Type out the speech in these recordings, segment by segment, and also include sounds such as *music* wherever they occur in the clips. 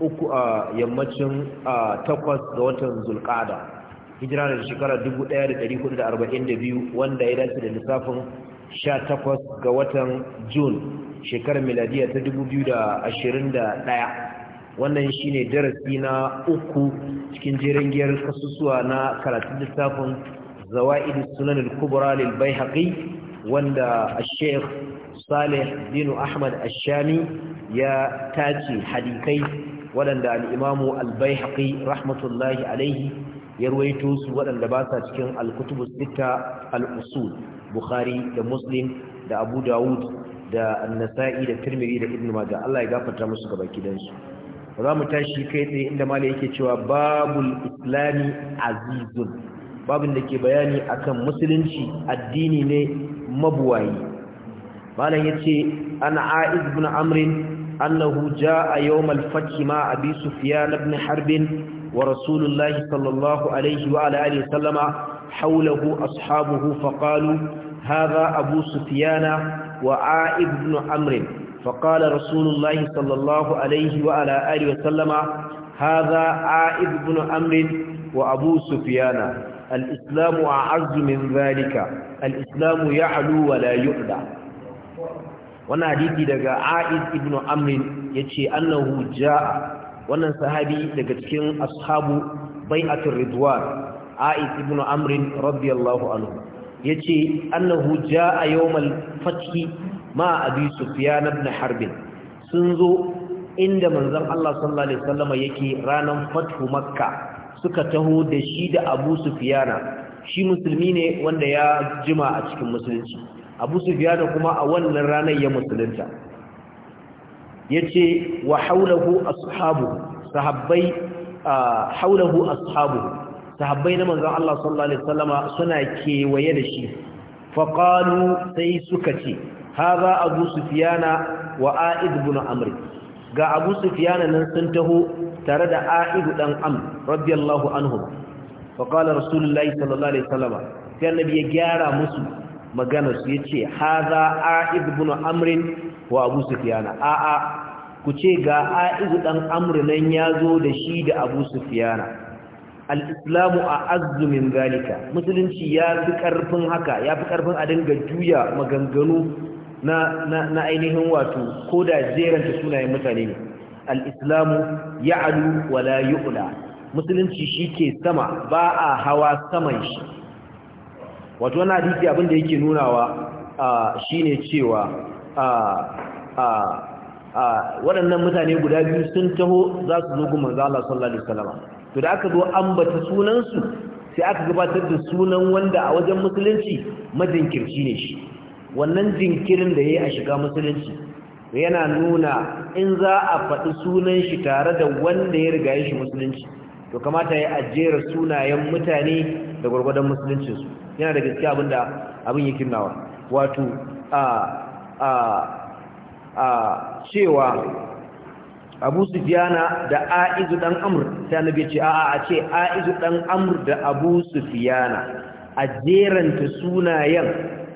uku a yammacin takwas ga watan zulkada hijira da shekarar 1442 wanda ya dace da lissafin 18 ga watan jun shekarar miladiya ta 2021 wannan shine darasi na uku cikin jerin giyar kasusuwa na karatun lissafin zawa'id sunan al-kubra lil wanda al-sheikh salih bin ahmad ash-shami ya tace hadikai. waɗanda al'imamu albayhaƙi rahmatullahi alaihi ya ruwaito su waɗanda ba sa cikin alkutubu sita al'usul bukhari da muslim da abu dawud da nasa'i da turmiri da ibn maja Allah ya gafarta musu gaba gidansu za mu tashi kai tsaye inda mala yake cewa babul islami azizun babin da ke bayani akan musulunci addini ne mabuwayi malam ya ce an a'iz bin amrin annahu ja yawmal fath ma abi sufyan ibn harb wa rasulullahi sallallahu alayhi wa ala alihi sallama hawlahu ashabuhu faqalu hadha abu sufyan wa a'ib ibn amr faqala rasulullahi sallallahu alayhi wa ala alihi sallama hadha a'ib ibn amr wa abu sufyan الإسلام أعز من ذلك الإسلام يعلو ولا يؤدى wannan hadisi daga A'id ibn Amr yace annahu jaa wannan sahabi daga cikin ashabu bai'atul ridwan A'id ibn Amr radiyallahu anhu yace annahu jaa yawmal fath ma abi Sufyan ibn Harb sun zo inda manzon Allah sallallahu alaihi wasallam yake ranan fathu Makka suka taho da shi da Abu Sufyana shi musulmi ne wanda ya jima a cikin musulunci abu sufyan kuma a wannan ranar ya musulunta yace wa haulahu ashabu sahabbai ah, haulahu ashabu sahabbai na manzan Allah sallallahu alaihi wasallama suna kewaye da shi fa sai suka ce haza abu na wa aid ibn amr ga abu na nan sun taho tare da aid dan amr radiyallahu anhu fa qala rasulullahi sallallahu alaihi wasallama sai annabi ya gyara musu magana su yace haza a'id ibn amrin wa abu sufyana a a ku ce ga a'id dan amr nan yazo da shi da abu sufyana al-islamu a'azzu min zalika musulunci ya fi karfin haka ya fi karfin a dinga juya maganganu na na ainihin wato koda da jeranta sunayen mutane ne al-islamu ya'lu wa la yu'la musulunci shi ke sama ba a hawa saman shi wato wannan hadisi abin da yake nunawa shine cewa waɗannan mutane guda biyu sun taho za su zo manzo Allah sallallahu alaihi wasallam to da aka zo an sunan sunansu sai aka gabatar da sunan wanda a wajen musulunci majinkirci ne shi wannan jinkirin da yayi a shiga musulunci yana nuna in za a faɗi sunan shi tare da wanda ya riga shi musulunci to kamata ya ajera sunayen mutane da gwargwadon musuluncinsu yana da gaske abinda abin yake nawa wato a a a cewa abu sufiyana da aizu dan amr sai ce a'a a ce aizu dan amr da abu a jeranta sunayen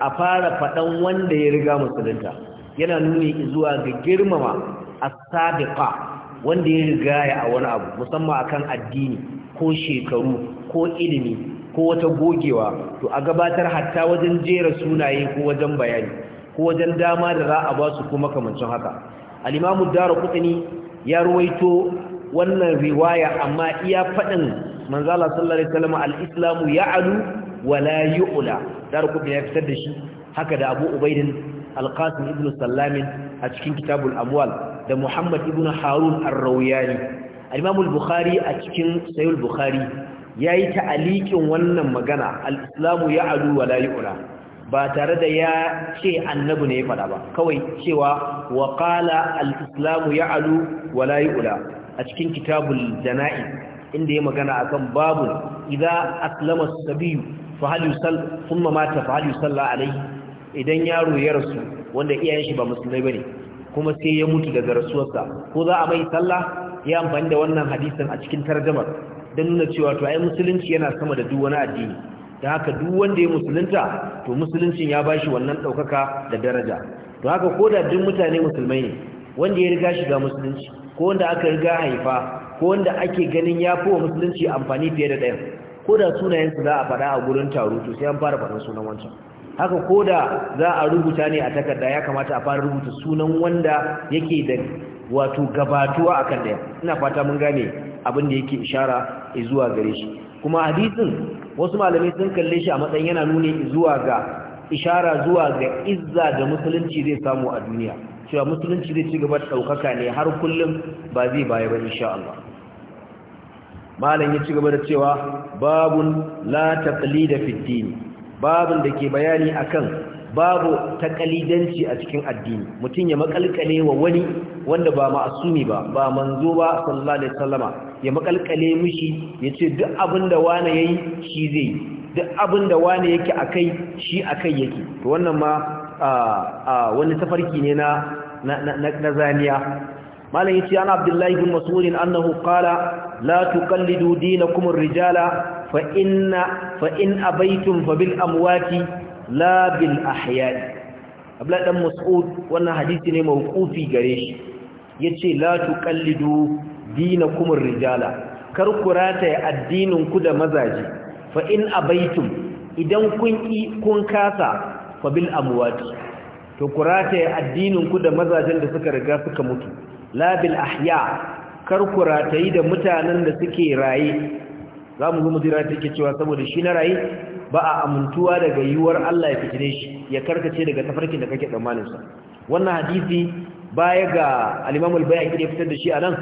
a fara fadan wanda ya riga musulunta yana nuni zuwa ga girmama as-sabiqa wanda ya riga ya a wani abu musamman akan addini ko shekaru ko ilimi ko wata gogewa to a gabatar hatta wajen jera sunaye ko wajen bayani ko wajen dama da za a ba su kuma kamancin haka alimamu imamu darqutni ya ruwaito wannan riwaya amma iya faɗin manzala Allah sallallahu al'islamu wasallam al-islamu ya'lu ya fitar da shi haka da Abu Ubaidin al-Qasim ibn Sallamin a cikin kitabul amwal da Muhammad ibn Harun ar-Rawiyani al al-Bukhari a cikin Sayul bukhari ya yi alikin wannan magana al'islamu ya alu wa ba tare da ya ce annabu ne ya faɗa ba kawai cewa wa ƙala al'islamu ya alu wa a cikin kitabul jana'i inda ya magana a kan babu idan aslama sabiyu fahalisal sun mamata fahalisalla alai idan yaro ya rasu wanda iyayen shi ba musulmai ba ne kuma sai ya mutu daga rasuwarsa ko za a mai sallah ya amfani da wannan hadisin a cikin tarjamar don nuna cewa to ai musulunci yana sama da duk wani addini da haka duk wanda ya musulunta to musuluncin ya shi wannan ɗaukaka da daraja to haka ko da duk mutane musulmai ne wanda ya riga shiga musulunci ko wanda aka riga haifa ko wanda ake ganin ya fi wa musulunci amfani fiye da ɗayan ko da sunayensu za a faɗa a gurin taro to sai an fara faɗin sunan wancan haka ko da za a rubuta ne a takarda ya kamata a fara rubuta sunan wanda yake da wato gabatuwa akan ɗaya ina fata mun gane abin da yake ishara zuwa gare shi kuma hadisin wasu malami sun kalle shi a matsayin yana nuna zuwa ga ishara zuwa ga izza da musulunci zai samu a duniya cewa musulunci zai ci gaba da ɗaukaka ne har kullum ba zai baya ba insha Allah malam ya ci gaba da cewa babun la taqlida fi din babun da ke bayani akan babu takalidanci a cikin addini mutum ya makalkale wa wani wanda ba ma'asumi ba ba manzo ba sallallahu alaihi wasallama ya makalkale mishi ya ce duk abinda da wane ya yi shi zai yi duk abinda wane yake a kai shi a kai yake to wannan ma wani tafarki ne na zaniya malam yace ana abdullahi bin mas'ud annahu qala la tuqallidu dinakum ar-rijala fa inna fa in abaytum fa bil amwati la bil ahya'i abdullahi dan mas'ud wannan hadisi ne mawqufi gare shi yace la tuqallidu dina kumar rijala kar ku rataye addinin ku da mazaje fa in abaitum idan kun ki kun kasa fa bil amwati to ku rataya addinin ku da mazajen da suka riga suka mutu la bil ahya kar ku ratayi da mutanen da suke raye za mu zo mujira take cewa saboda shi na raye ba a amintuwa daga yiwuwar Allah ya fitine shi ya karkace daga tafarkin da kake tsammanin sa wannan hadisi baya ga al-Imam al-Bayhaqi da fitar da shi anan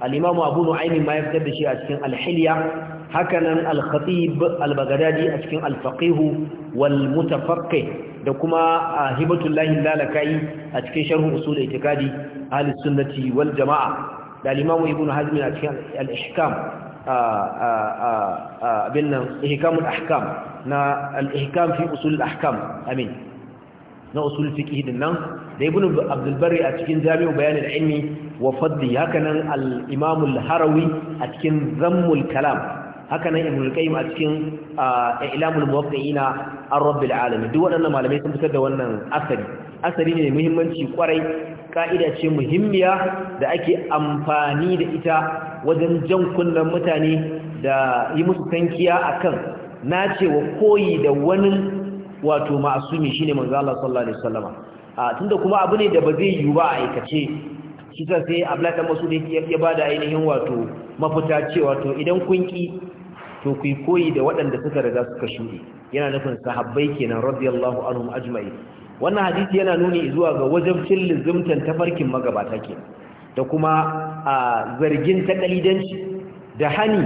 al-imamu abu nu'aymin ma ya fitar da shi a cikin al hakanan al-khatib al-baghdadi a cikin al-faqih wal mutafaqqih da kuma hibatullahi lalakai a cikin sharh usul itikadi ahli sunnati wal jamaa da al-imamu ibnu hazm a cikin al-ihkam abin nan ihkamul ahkam na al-ihkam fi usul al-ahkam amin na usul fiqh din nan da ibnu abdul barri a cikin jami'u bayan al-ilmi wa fadli hakanan Al'imamul harawi a cikin zammul kalam hakanan ibn al-qayyim a cikin i'lamul muwaqqi'ina ar-rabbil alamin duk waɗannan malamai sun fitar da wannan asari asari ne muhimmanci kwarai ka'ida ce muhimmiya da ake amfani da ita wajen jan kunnen mutane da yi musu tankiya akan nacewa koyi da wani wato ma'asumi shine manzo Allah sallallahu alaihi wasallama tunda kuma abu ne da ba zai yiwu ba a aikace Kisa sai abdullahi masu da ya ba da ainihin wato mafita cewa to idan kun ki to ku koyi da waɗanda suka riga suka shuɗe yana nufin sahabbai kenan radiyallahu anhum ajma'i wannan hadisi yana nuni zuwa ga wajen wajabcin zumtan tafarkin magabata ke da kuma a zargin kalidanci da hani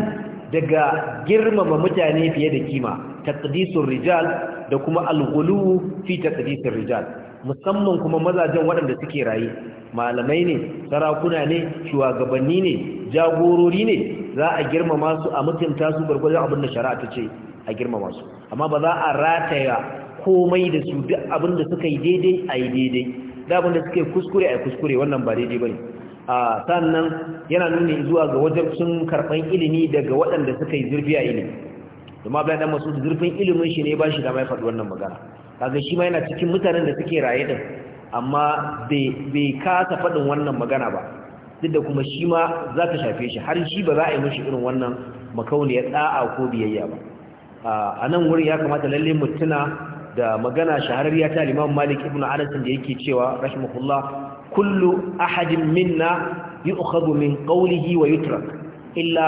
daga girmama mutane fiye da kima taqdisur rijal da kuma alghulu fi taqdisir rijal musamman kuma mazajen waɗanda suke raye malamai ne sarakuna ne shugabanni ne jagorori ne za a girmama su a mutunta su gwargwajon abin da shari'a ta ce a girmama su amma ba za a rataya komai da su duk abin da suka yi daidai a yi daidai da abin da suka yi kuskure a yi kuskure wannan ba daidai ba ne a sannan yana nuni zuwa ga wajen sun karɓan ilimi daga waɗanda suka yi zurfi a ilimi domin abu da masu zurfin ilimin shi ne ba shi da mai faɗi wannan magana kaga shi ma yana cikin mutanen da suke raye din amma bai kasa faɗin wannan magana ba duk da kuma shi ma za ta shafe shi har shi ba za a yi mishi irin wannan makauniyar ɗa'a ko biyayya ba a nan wurin ya kamata lalle mutuna da magana shahararriya ta limamu malik ibn anas da yake cewa rahimahullah kullu ahadin minna yu'khadhu min qawlihi wa yutrak illa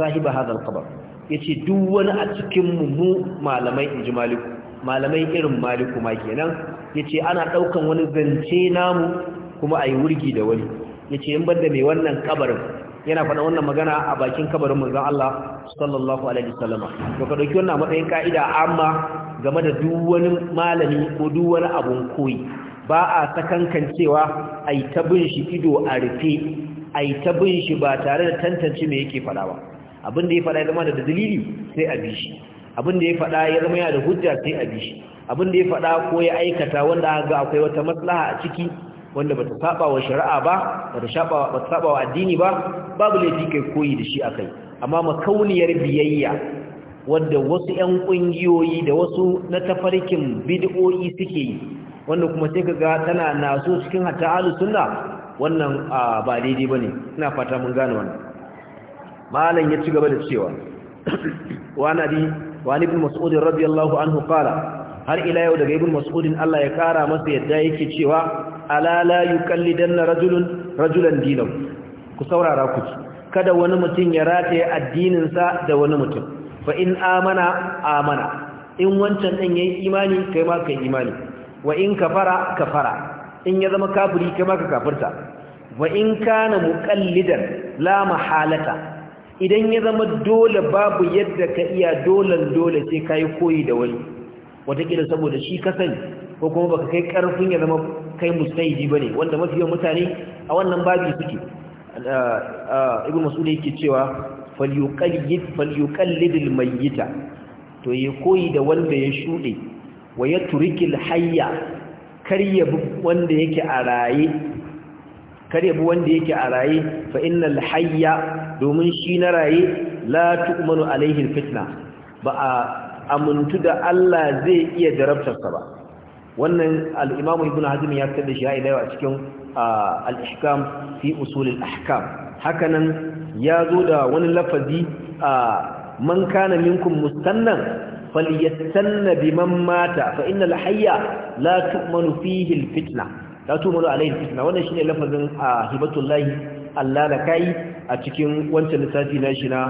sahiba hadha al-qabr yace duk wani a cikin mu malamai inji maliku malamai irin maliku ma kenan yace ana daukan wani zance namu kuma ayi wurgi da wani yace in banda mai wannan kabarin yana faɗa wannan magana a bakin kabarin manzon Allah sallallahu alaihi wasallama to ka dauki wannan matsayin kaida amma game da duk wani malami ko duk wani abun koyi ba a sakankan cewa ai ta bin shi ido a rufe ai ta bin shi ba tare da tantance me yake faɗa ba abin da ya faɗa da dalili sai a bi shi abin da ya faɗa ya zama yana da hujja sai a bi shi abin da ya faɗa ko ya aikata wanda aka ga akwai wata maslaha a ciki wanda bata saba wa shari'a ba bata saba bata saba wa addini ba babu laifi kai koyi da shi akai amma makauniyar biyayya wanda wasu ƴan kungiyoyi da wasu na tafarkin bid'o'i suke yi wanda kuma sai kaga tana naso cikin hatta ahlus sunna wannan ba daidai bane ina fata mun gane wannan malam ya ci gaba da cewa *coughs* wa nabi وعن ابن مسعود رضي الله har ila yau daga يود Allah ya kara masa مسا يدا yake cewa ala la yukallidanna rajulun rajulan ku saurara ku kada wani mutum ya rataye addinin sa da wani mutum fa in amana amana in wancan ya yayi imani kai ma kai imani wa in kafara kafara in ya zama kafuri kai ma ka kafirta wa in kana muqallidan la mahalata idan ya zama dole babu yadda ka iya dolan dole sai ka yi koyi da wani wataƙila saboda shi ka sani ko kuma baka kai ƙarfin ya zama kai mustaidi ba ne wanda mafi yawan mutane a wannan babi suke masu masudi yake cewa Lidil mai yita. to yi koyi da wanda ya shuɗe, wa yatrikil hayya karya wanda yake a raye karya wanda yake a raye hayya domin shi na raye la tu'manu alaihi fitna ba a amintu da Allah zai iya jarabtarsa ba wannan al-Imam Ibn Hazm ya fitar da shi a a cikin al-Ihkam fi usul al-ahkam hakanan ya zo da wani lafazi a man kana minkum mustannan falyastanna biman mata fa innal hayya la tu'manu fihi al-fitna la tu'manu alaihi fitna wannan shine lafazin hibatullahi allalakai a cikin wancan lissafi na shi na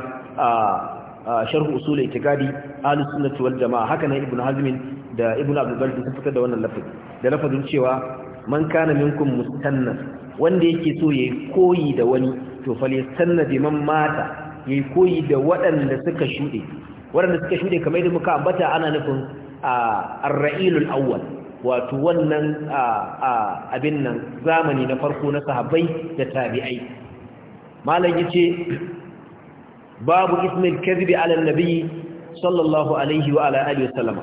sharhu usul itikadi ahlus sunnati wal jamaa haka nan ibnu hazm da ibnu abdul bari sun fitar da wannan lafazi da lafazin cewa man kana minkum mustannas wanda yake so yayi koyi da wani to falyastanna bi man mata yayi koyi da waɗanda suka shude waɗanda suka shude kamar yadda muka ambata ana nufin ar-ra'ilul awwal wato wannan abin nan zamani na farko na sahabbai da tabi'ai malam yace babu ismil kadhibi ala annabi sallallahu alaihi wa ala alihi wasallama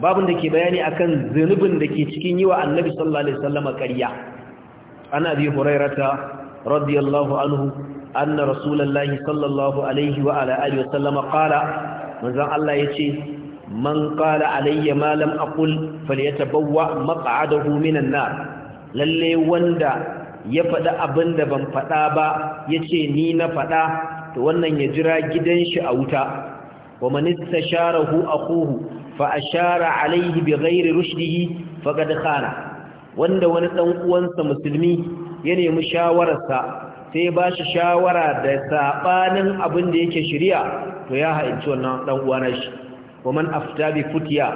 babun da ke bayani akan zunubin da ke cikin yiwa annabi sallallahu alaihi wasallama ƙarya an abi hurairata radiyallahu anhu anna rasulullahi sallallahu alaihi wa ala alihi wasallama qala manzon Allah yace man qala alayya ma lam aqul falyatabawwa maq'adahu minan nar lalle wanda ya faɗa abinda ban faɗa ba yace ni na faɗa to wannan ya jira gidan shi a wuta wa man istasharahu akuhu fa ashara alayhi bighairi rushdihi faqad khana wanda wani dan uwansa musulmi ya nemi shawararsa sai ba shi shawara da saɓanin abin da yake shirya to ya hainci wannan ɗan uwana shi wa man afta bi futiya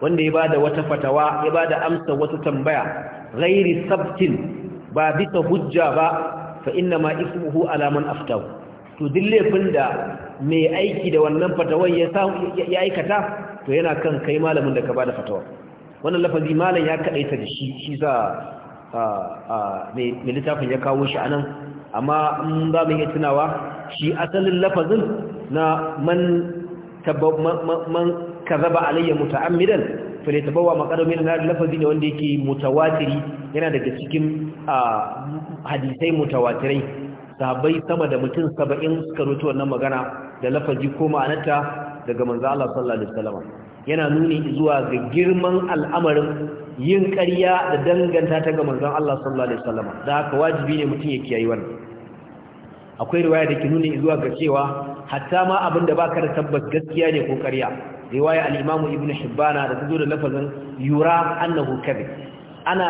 wanda ya bada wata fatawa ya bada amsa wata tambaya ghairi sabtin ba bisa hujja ba fa inna ma ismuhu ala man afta. to dillefin da mai aiki da wannan fatawan ya ya aikata to yana kan kai malamin da ka bada fatawa wannan lafazi malam ya kadaita da shi shi za mai littafin ya kawo shi anan amma in za mu iya tunawa shi asalin lafazin na man man kazaba alayya muta'ammidan fa la tabawa maqadamin na lafazi ne wanda yake mutawatiri yana daga cikin hadisai mutawatirai sabai sama da mutum 70 suka rutu wannan magana da lafazi ko ma'anarta daga manzo Allah sallallahu alaihi wasallam yana nuni zuwa ga girman al'amarin yin ƙarya da danganta ta ga manzon Allah sallallahu alaihi wasallam da haka wajibi ne mutum ya kiyaye wannan akwai riwaya da ke nuni zuwa ga cewa hatta ma abin da baka da tabbas gaskiya ne ko ƙarya riwaya al Ibn ibnu hibbana da tazo da lafazin yura annahu kabe? ana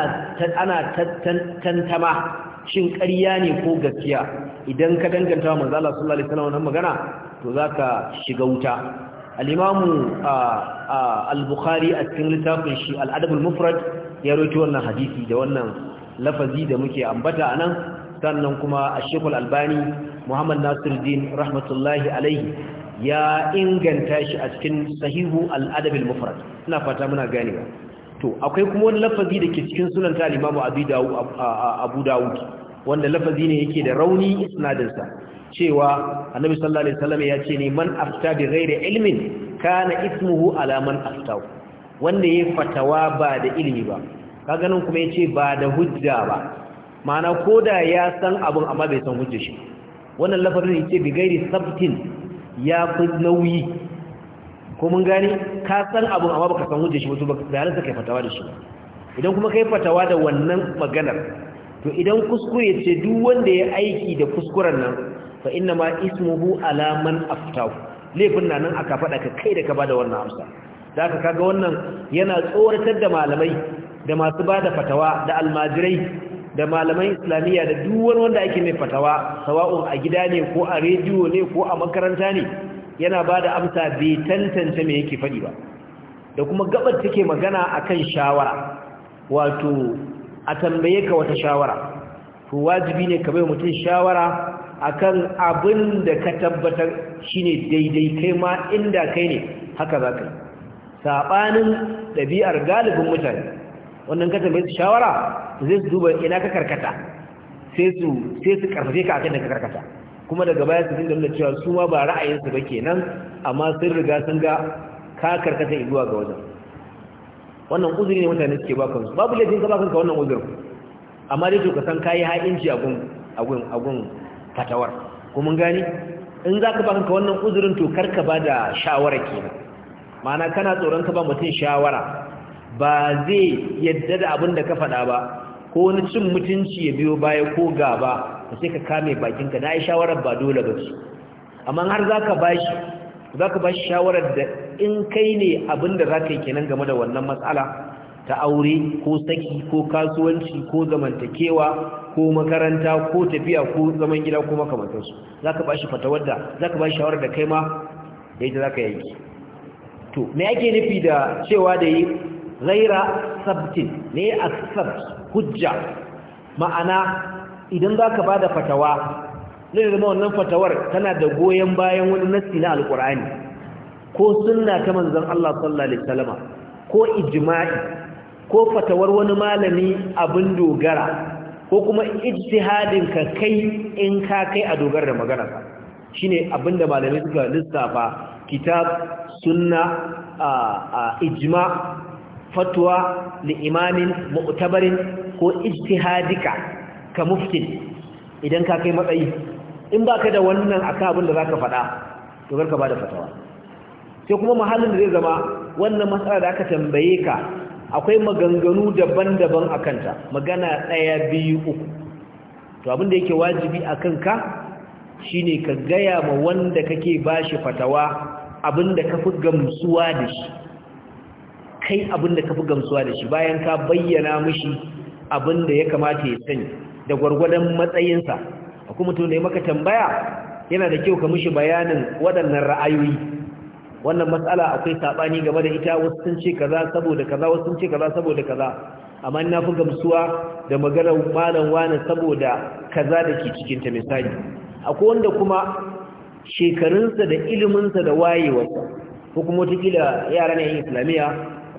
tantama shin ƙarya ne ko gaskiya idan ka danganta wa manzo Allah sallallahu alaihi wasallam wannan magana to zaka shiga wuta al al-bukhari a cikin littafin shi al mufrad ya rawaito wannan hadisi da wannan lafazi da muke ambata anan sannan kuma a shekul albani Muhammad Nasiruddin rahmatullahi alaihi ya inganta shi a cikin sahihu al-adab mufrad ina fata muna ganewa to akwai kuma wani lafazi da ke cikin sunan ta al Abu Dawud wanda lafazi ne yake da rauni isnadin sa cewa Annabi sallallahu alaihi wasallam ya ce ne man afta bi ghairi ilmin kana ismuhu ala man aftahu wanda yayi fatawa ba da ilimi ba kaga nan kuma yace ba da hujja ba ma'ana koda ya san abun amma bai san hujjar shi wannan lafazin yake bi gairi sabtin ya fi nauyi ko mun gane ka san abu amma baka san hujjar shi wato baka da ranka kai fatawa da shi idan kuma kai fatawa da wannan maganar to idan kuskure ce duk wanda ya aiki da kuskuren nan fa inna ma ismuhu ala man aftahu laifin nan nan aka faɗa ka kai da ka bada wannan amsa da aka kaga wannan yana tsoratar da malamai da masu bada fatawa da almajirai da malaman islamiyya da duk wani wanda ake mai fatawa sawa'un a gida ne ko a rediyo ne ko a makaranta ne yana ba da amsa bai tantance mai yake faɗi ba da kuma gabar take magana akan shawara wato a tambaye ka wata shawara to wajibi ne ka bai mutum shawara akan abin da ka tabbatar shine daidai kai ma inda kai ne haka za ka yi saɓanin ɗabi'ar galibin mutane wannan ka tambaye shawara zai su duba ina ka karkata sai su sai su karfafe ka akan da ka karkata kuma daga baya su dinga cewa su ma ba ra'ayinsu ba kenan amma sun riga sun ga ka karkata zuwa ga wajen wannan uzuri ne mutane suke ba kansu babu laifin ka ba kanka wannan uzurin amma dai to ka san kayi ha'inci a gun a gun a gun fatawar ko mun gani in ka ba kanka wannan uzurin to karka ba da shawara kenan ma'ana kana tsoron ka ba mutum shawara ba zai yadda da abin da ka faɗa ba ko wani cin mutunci ya biyo baya ko gaba da sai ka kame bakinka na yi shawarar ba dole ba su amma har za ka bashi za bashi shawarar da in kai ne abin da za ka yi kenan game da wannan matsala ta aure ko saki ko kasuwanci ko zamantakewa ko makaranta ko tafiya ko zaman gida ko makamantarsu za ka bashi fatawar da za ka bashi shawarar da kai ma da ita za ka yanki to me ake nufi da cewa da yi ghaira sabtin ne asabt hujja ma'ana idan zaka bada fatawa ne zama wannan fatawar tana da goyen bayan wani nassi na alqur'ani ko sunna ta manzon Allah sallallahu alaihi wasallama ko ijma'i ko fatawar wani malami abin dogara ko kuma ijtihadin ka kai in ka kai a dogara da magana shine abinda malami suka lissafa kitab sunna ijma fatwa li imamin mu'tabarin ko ijtihadika ka muftin idan ka kai matsayi in baka da wannan akan abin da zaka faɗa to ba da fatawa sai kuma mahallin da zai zama wannan matsala da aka tambaye ka akwai maganganu daban-daban a kanta magana ɗaya biyu uku to abin da yake wajibi a kanka shine ka gaya ma wanda kake bashi fatawa abinda da ka fi gamsuwa da shi kai abin da ka fi gamsuwa da shi bayan ka bayyana mishi abin da ya kamata ya sani da gwargwadon matsayinsa akwai mutum da maka tambaya yana da kyau ka mishi bayanin waɗannan ra'ayoyi wannan matsala akwai saɓani game da ita wasu sun ce kaza saboda kaza wasu sun ce kaza saboda kaza amma na fi gamsuwa da maganar malam wani saboda kaza da ke cikinta misali akwai wanda kuma shekarunsa da iliminsa da wayewarsa ko kuma wataƙila yara ne yan islamiyya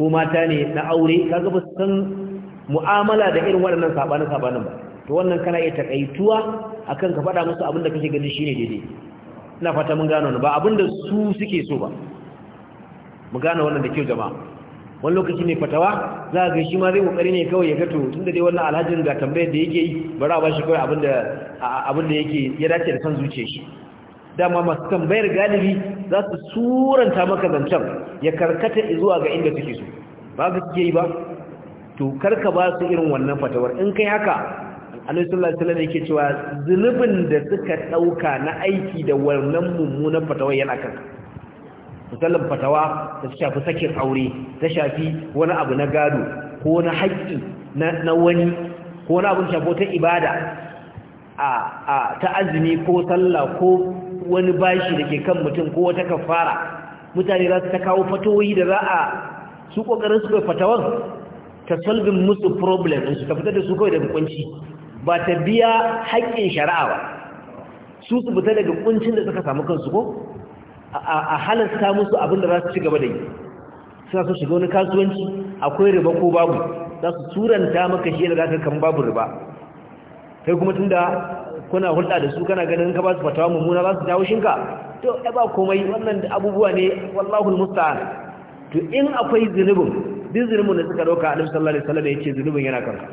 ko mata ne na aure kaga ba su san mu'amala da irin waɗannan sabanin sabanin ba to wannan kana iya takaituwa akan ka faɗa musu abin da kake gani shine daidai ina fata mun gano ba abin da su suke so ba mu gano wannan da kyau jama'a wani lokaci ne fatawa za ga shi ma zai kokari ne kawai ya gato tunda dai wannan alhajin ga tambayar da yake yi bari a shi kawai abin da abin yake ya dace da san zuciyar shi dama masu tambayar galibi za su suranta maka zancen ya karkata zuwa ga inda suke so ba su suke yi ba to karka ba su irin wannan fatawar in kai haka alaihissallallahu alaihi yake cewa zunubin da suka dauka na aiki da wannan mummunan fatawar yana kan musallin fatawa da shafi sakin aure ta shafi wani abu na gado ko na haƙƙi na wani ko na abin shafo ta ibada a ta azumi ko sallah ko wani bashi da ke kan mutum ko wata fara mutane za su ta kawo fatoyi da za a su ƙoƙarin su kai fatawan ta solving musu problem su ta fitar da su kawai daga kunci ba ta biya haƙƙin shari'a ba su su fita daga kuncin da suka samu kansu ko a halasta musu abin da za su ci gaba da yi suna so shiga wani kasuwanci akwai riba ko babu za su turanta maka shi da za ka kan babu riba sai kuma tunda kuna hulɗa da su kana ganin ka ba su fatawa mummuna za su jawo shinka to ya ba komai wannan abubuwa ne wallahul musta'an to in akwai zunubin duk zunubin da suka dauka Annabi sallallahu alaihi wasallam yace zunubin yana kanka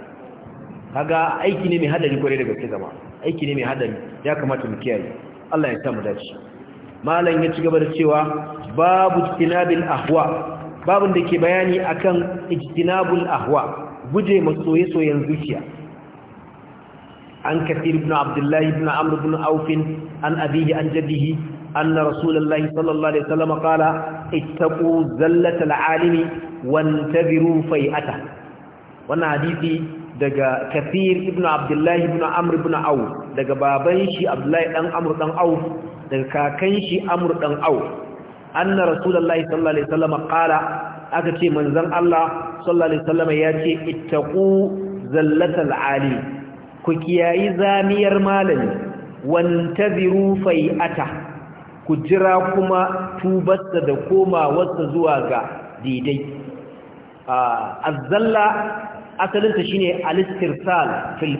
kaga aiki ne mai hadari kore da gaske zama aiki ne mai hadari ya kamata mu kiyaye Allah ya sa mu dace malam ya ci gaba da cewa babu tinabil ahwa babun da ke bayani akan ijtinabul ahwa guje masoye soyen zuciya عن كثير بن عبد الله بن عمرو بن عوف عن أبيه عن جده أن رسول الله صلى الله عليه وسلم قال اتقوا زلة العالم وانتظروا فيئته وانا حديثي دقى كثير ابن عبد الله بن عمرو بن عوف دقى بابنشي عبد الله بن عمرو بن عوف دقى كاكنشي عمرو بن عوف أن رسول الله صلى الله عليه وسلم قال أكتي منزل الله صلى الله عليه وسلم ياتي اتقوا زلة العالم ku kiyayi zamiyar malami wantaziru fai'ata ku jira kuma tubarsa da komawarsa zuwa ga daidai azzalla asalinta shine alistirsal fil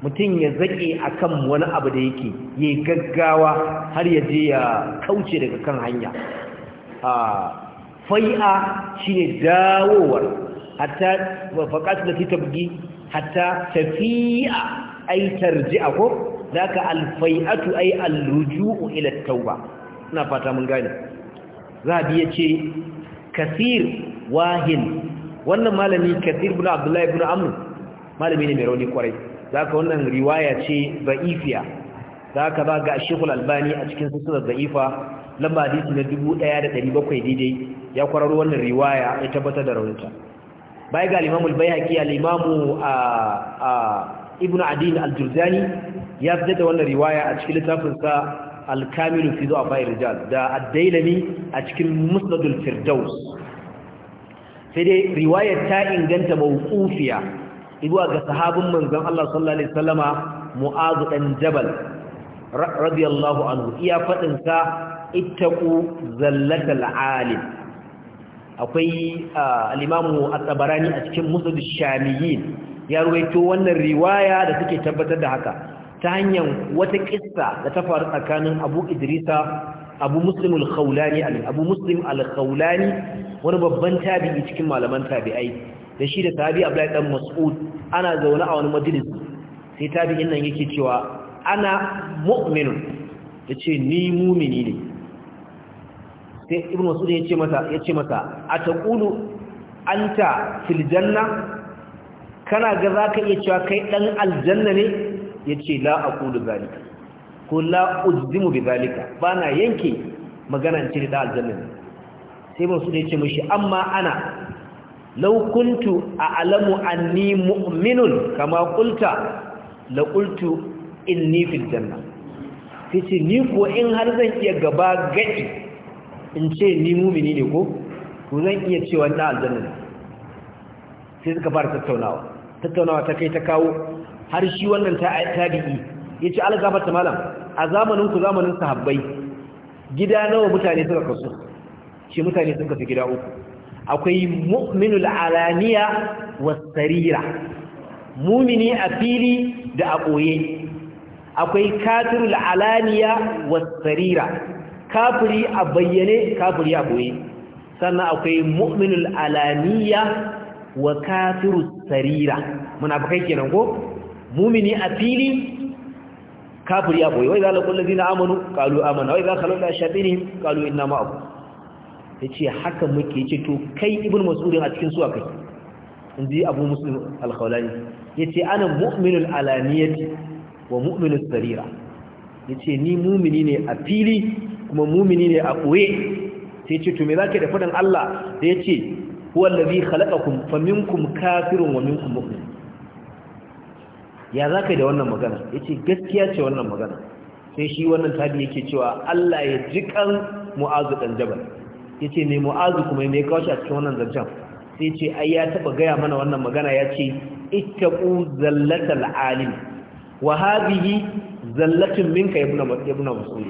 mutum ya zaƙe akan wani abu da yake ya gaggawa har ya je ya kauce daga kan hanya fai'a shi ne dawowar hatta faqat lati tabgi hatta tafi'a ay tarji'a ko zaka alfai'atu ay alruju'u ila tauba ina fata mun gane zabi yace kasir wahin wannan malami kasir ibn abdullahi ibn amr malami ne mai rauni kwarai zaka wannan riwaya ce da'ifiya zaka ba ga shekul albani a cikin sunan da'ifa lamba hadisi na 1700 daidai ya kwararo wannan riwaya ya tabbatar da rauninta bai ga Imam al-Baihaqi al-Imam Ibn Adin al-Juzani ya fitar wannan riwaya a cikin littafin sa al-Kamil fi rijal da ad-Dailami a cikin Musnad al-Firdaus sai dai riwaya ta inganta mawqufiya zuwa ga sahabin manzon Allah sallallahu alaihi wasallama Mu'adh dan Jabal radiyallahu anhu iya fadin sa ittaqu zallatal alim akwai alimamu imamu at a cikin musnad ash-shamiyyin ya ruwaito wannan riwaya da take tabbatar da haka ta hanyar wata kisa da ta faru tsakanin Abu Idrisa Abu Muslim al khaulani Abu Muslim al wani babban tabi'i cikin malaman tabi'ai da shi da tabi Abdullahi dan Mas'ud ana zaune a wani majalisi sai tabi'in nan yake cewa ana Da yace ni mu'mini ne sai ibn mas'ud ya ce masa ya ce masa a taqulu anta fil janna kana ga zaka iya cewa kai dan aljanna ne yace la aqulu zalika ko la ujzimu bi zalika bana yanke magana in ce da aljanna sai ibn mas'ud ya mishi amma ana law kuntu a'lamu anni mu'minun kama qulta la qultu inni fil janna sai ni ko in har zan iya gaba gadi in ce ni mumini ne ko to zan iya cewa na aljanna sai suka fara tattaunawa tattaunawa ta kai ta kawo har shi wannan tabi'i ya ce ta malam a zamanin ku zamanin sahabbai gida nawa mutane suka kasu shi mutane suka fi gida uku akwai mu'minul alaniya wasarira mumini a fili da a ɓoye akwai katirul alaniya wasarira kafiri a bayyane kafiri a boye sannan akwai mu'minul alaniya wa kafiru sarira munafikai kenan ko mumini a fili kafiri a boye wai za laƙon lazina amanu ƙalu amana wai za ka lalata shaɗini ƙalu ina ma'abu ya ce haka muke ce to kai ibn masudin a cikin su kai in ji abu muslim alkhawlani ya ce ana mu'minul alaniyati wa mu'minul sarira ya ce ni mumini ne a fili kuma mumini ne a ɓoye sai ce to me ke da faɗin Allah da ya ce huwa allazi khalaqakum faminkum kafirun wa minkum mu'min ya zaka da wannan magana yace gaskiya ce wannan magana sai shi wannan tabi yake cewa Allah ya jikan mu'azu dan jabal yace me mu'azu kuma me kawo shi a cikin wannan zancen sai ce ai ya taba gaya mana wannan magana yace ittaqu zallatal alim wa hadhihi zallatun minka ibnu mas'ud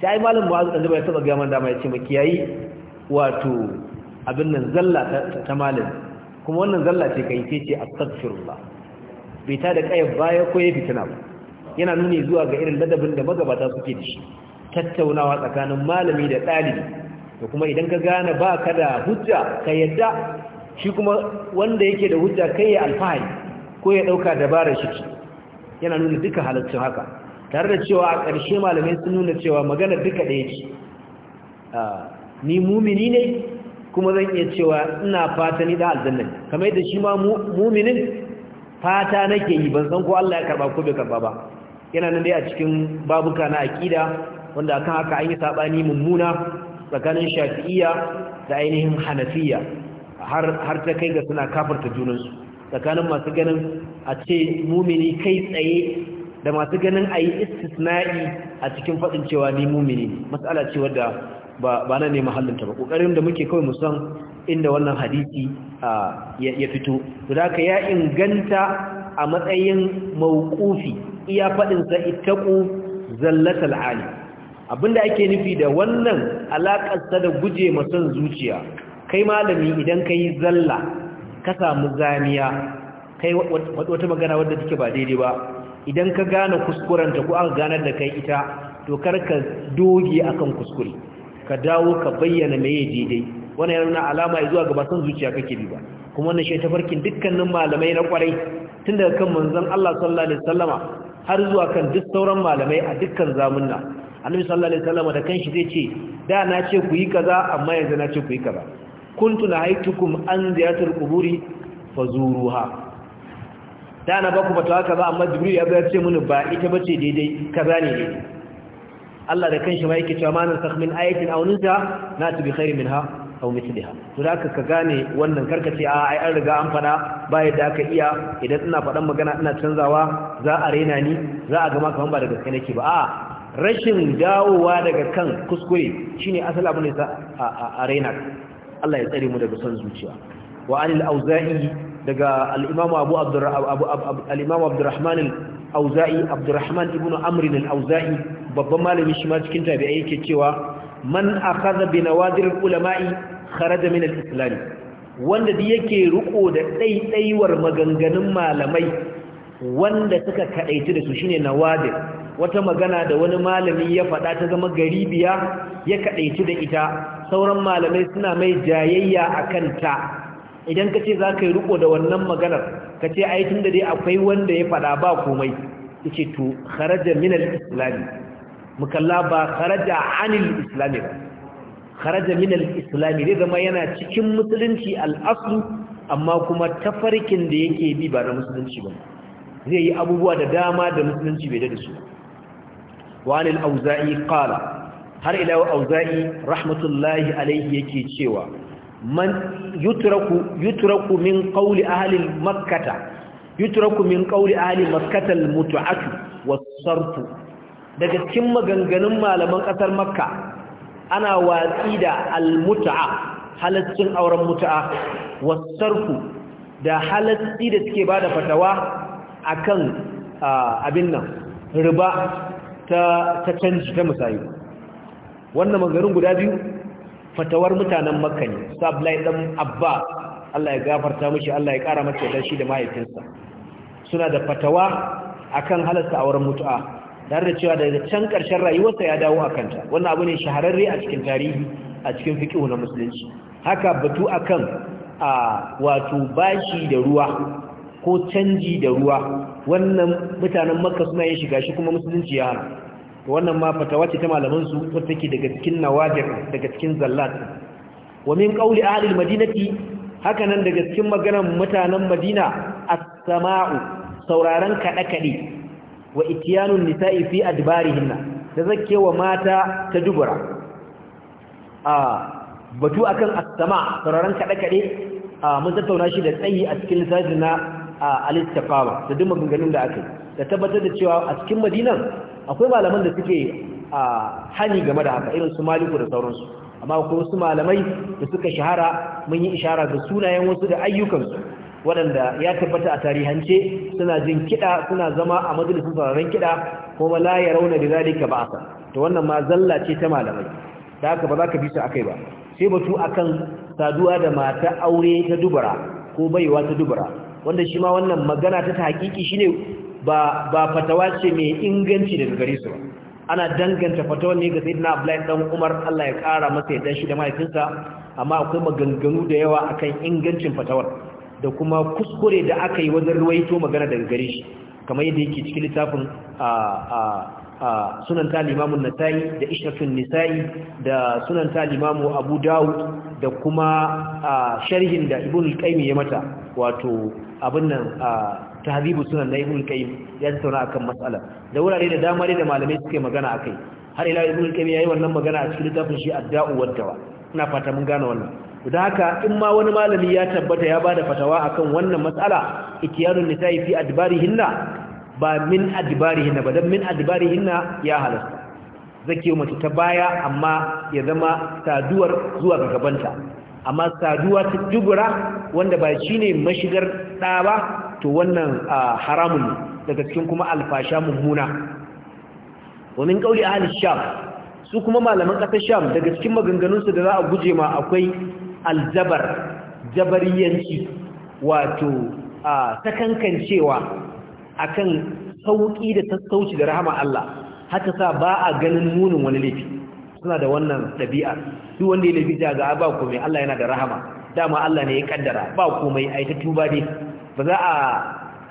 sai malam mu'azu dan jabal ya taba ga dama ya ce maki yayi wato abin nan zalla ta malam kuma wannan zalla ce kai ce ce astaghfirullah bai ta da kayar baya ko ya fitina ba yana nuni zuwa ga irin ladabin da magabata suke da shi tattaunawa tsakanin malami da ɗalibi da kuma idan ka gane ba ka da hujja ka yadda shi kuma wanda yake da hujja kai ya alfahari ko ya ɗauka dabarar shi yana nuna duka halaccin haka tare da cewa a ƙarshe malamai sun nuna cewa magana duka ɗaya ce ni mumini ne kuma zan iya cewa ina fata ni da aljanna kamar yadda shi ma muminin fata nake yi ban san ko Allah ya karba ko bai karba ba yana nan dai a cikin babuka na aqida wanda akan haka an yi sabani mummuna tsakanin shafi'iyya da ainihin hanafiya har har ta kai ga suna kafirta junansu tsakanin masu ganin a ce mumini kai tsaye da masu ganin a yi istisna'i a cikin faɗin cewa ni mumini matsala ce wadda ba na ne hallinta ba ƙoƙarin da muke kawai musan inda wannan hadisi ya fito da ka ya inganta a matsayin mawukufi iya faɗinsa itaƙo zallatar ali abinda ake nufi da wannan alaƙarsa da guje masan zuciya kai malami idan ka yi zalla ka samu zamiya kai wata magana wadda take ba daidai ba idan ka gane kuskurenta ko aka ganar da kai ita to kar ka doge akan kuskure ka dawo ka bayyana meye daidai wannan yana alama zuwa ga basan zuciya kake bi ba kuma wannan shi tafarkin dukkanin malamai na kwarai tun daga kan manzon Allah sallallahu alaihi wasallama har zuwa kan duk sauran malamai a dukkan zamanna annabi sallallahu alaihi wasallama da kanshi zai ce da na ce ku yi kaza amma yanzu na ce ku yi kaza kuntu nahaytukum an ziyatul quburi fazuruha da na baku bata haka ba amma jibril ya ga ce mini ba ita ba ce daidai kaza ne daidai Allah da kanshi ma yake cewa ma nan sakmin ayatin aw nunta na tu bi khairin minha aw mithliha to da ka gane wannan karkace a ai an riga an fada ba yadda aka iya idan ina fadan magana ina canzawa za a rena ni za a ga ma kaman ba da gaske nake ba a rashin dawowa daga kan kuskure shine asali abin da a rena Allah ya tsare mu daga son zuciya wa anil auza'i daga al'imamu abu al'imamu abdurrahman al'auza'i abdurrahman ibn amrin al'auza'i babban malamin shi ma cikin tabi'ai yake cewa man akhadha bi nawadir ulama'i kharaja min al wanda da yake riko da ɗaiɗaiwar maganganun malamai wanda suka kaɗaitu da su shine nawadir wata magana da wani malami ya faɗa ta zama garibiya ya kaɗaitu da ita sauran malamai suna mai jayayya a kanta idan ka ce za ka yi riko da wannan maganar ka ce ai tun da dai akwai wanda ya faɗa ba komai ce to kharaja min al-islam mukalla ba kharaja anil islami ba kharaja min al-islam zama yana cikin musulunci al amma kuma tafarkin da yake bi ba na musulunci ba zai yi abubuwa da dama da musulunci bai da su wa auza'i qala har ila auza'i rahmatullahi alayhi yake cewa man yutraku yutraku min qawli ahli makkata yutraku min qawli ahli makkata almut'atu was daga cikin maganganun malaman kasar makka ana watsi da almut'a halaccin auren mut'a was-sarfu da halacci da suke bada fatawa akan abin nan riba ta ta canji ta misali wannan maganganun guda biyu fatawar mutanen makka ne sablai dan abba Allah ya gafarta mishi Allah ya kara masa da shi da mahaifinsa suna da fatawa akan halasta auren mutu'a dan da cewa daga can karshen rayuwarsa ya dawo akanta wannan abu ne shahararre a cikin tarihi a cikin fiqh na musulunci haka batu akan a wato bashi da ruwa ko canji da ruwa wannan mutanen makka suna yin shiga shi kuma musulunci ya hana wannan ma fatawa ce ta malaman su wacce ke daga cikin nawajir daga cikin zallat wa min qawli ahli al-madinati haka nan daga cikin maganar mutanen Madina as-sama'u sauraron kada kade wa ityanun nisa'i fi adbarihinna da wa mata ta dubura a batu akan as-sama sauraron kada kade mun tattauna shi da tsayi a cikin lissafin na al-istiqama da duk maganganun da aka yi da tabbatar da cewa a cikin madinan akwai malaman da suke a hani game da haka irin su maliku da sauransu amma akwai wasu malamai da suka shahara mun yi ishara da sunayen wasu da ayyukansu waɗanda ya tabbata a tarihance suna jin kiɗa suna zama a majalisun sararin kiɗa kuma la ya rauna da zalika ba asa to wannan ma zalla ce ta malamai da haka ba za ka bi su akai ba sai batu akan saduwa da mata aure ta dubara ko baiwa ta dubara wanda shi ma wannan magana ta ta hakiki shi ne. ba fatawa ce mai inganci daga gare su ana danganta fatawar ne ga sayyidina Abdullahi dan Umar Allah ya kara masa yadda shi da mahaifinsa amma akwai maganganu da yawa akan ingancin fatawar da kuma kuskure da aka yi wajen ruwaito magana daga gare shi kamar yadda yake cikin littafin sunan ta limamun nasa'i da Ishafin nisa'i da sunan ta limamu abu dawud da kuma sharhin da ibn al ya mata wato abin nan tahzibu sunan na ibn qayyim ya tattauna akan mas'ala da wurare da dama da malamai suke magana akai har ila ibn qayyim yayi wannan magana a cikin littafin shi ad-da'u wad ina fata mun gane wannan da haka in ma wani malami ya tabbata ya bada fatawa akan wannan mas'ala ikyarun nisa'i fi adbarihinna ba min adbarihinna ba dan min adbarihinna ya halasta zake mace ta baya amma ya zama saduwar zuwa ga gabanta amma saduwa ta dubura wanda ba shi ne mashigar ɗa ba to wannan haramun daga cikin kuma alfasha mummuna ومن a halin sham su kuma malaman ƙasar sham daga cikin maganganunsu da za a guje ma akwai aljabar jabariyanci wato a takankancewa akan sauƙi da sassauci da rahama Allah haka sa ba a ganin munin wani laifi suna da wannan ɗabi'a duk wanda ya lafi ga ba komai Allah yana da rahama dama Allah ne ya kaddara ba komai ai ta tuba dai ba za a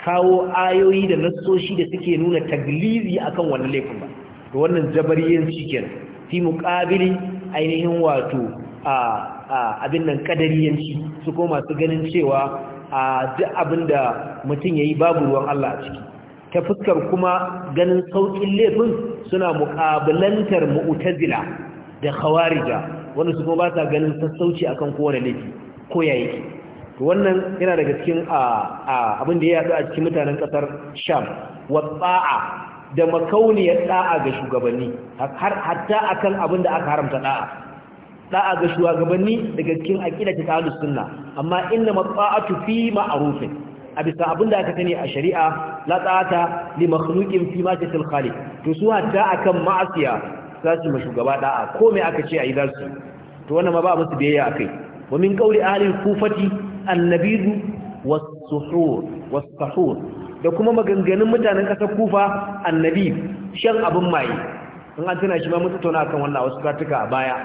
kawo ayoyi da nassoshi da suke nuna taglizi akan wannan laifin ba Da wannan jabariyanci cikin, fi muqabili ainihin wato a abin nan kadariyanci su ko masu ganin cewa a duk abinda mutum ya yi babu ruwan Allah a ciki ta fuskar kuma ganin saukin laifin suna muƙabalantar mu'tazila da khawarija wanda su kuma ba sa ganin sassauci akan kowane laifi ko yayi to wannan yana daga cikin abin da ya yaɗu a cikin mutanen ƙasar sham wa tsa'a da makauniyar da'a ga shugabanni har hatta akan abin da aka haramta da'a da'a ga shugabanni daga cikin aqida ta sunna amma inna matsa'atu fi ma'rufin a bisa abin da aka sani a shari'a la tsata li makhluqin fi ma khaliq to su hatta akan ma'asiya za su ma shugaba da'a ko me aka ce ayi za su to wannan ma ba musu biyayya akai wa min qawli ahli kufati annabidu was-suhur was-sahur da kuma maganganun mutanen kasar kufa annabi shan abin maye in an tana shi ma mutu tauna akan wannan wasu kartuka a baya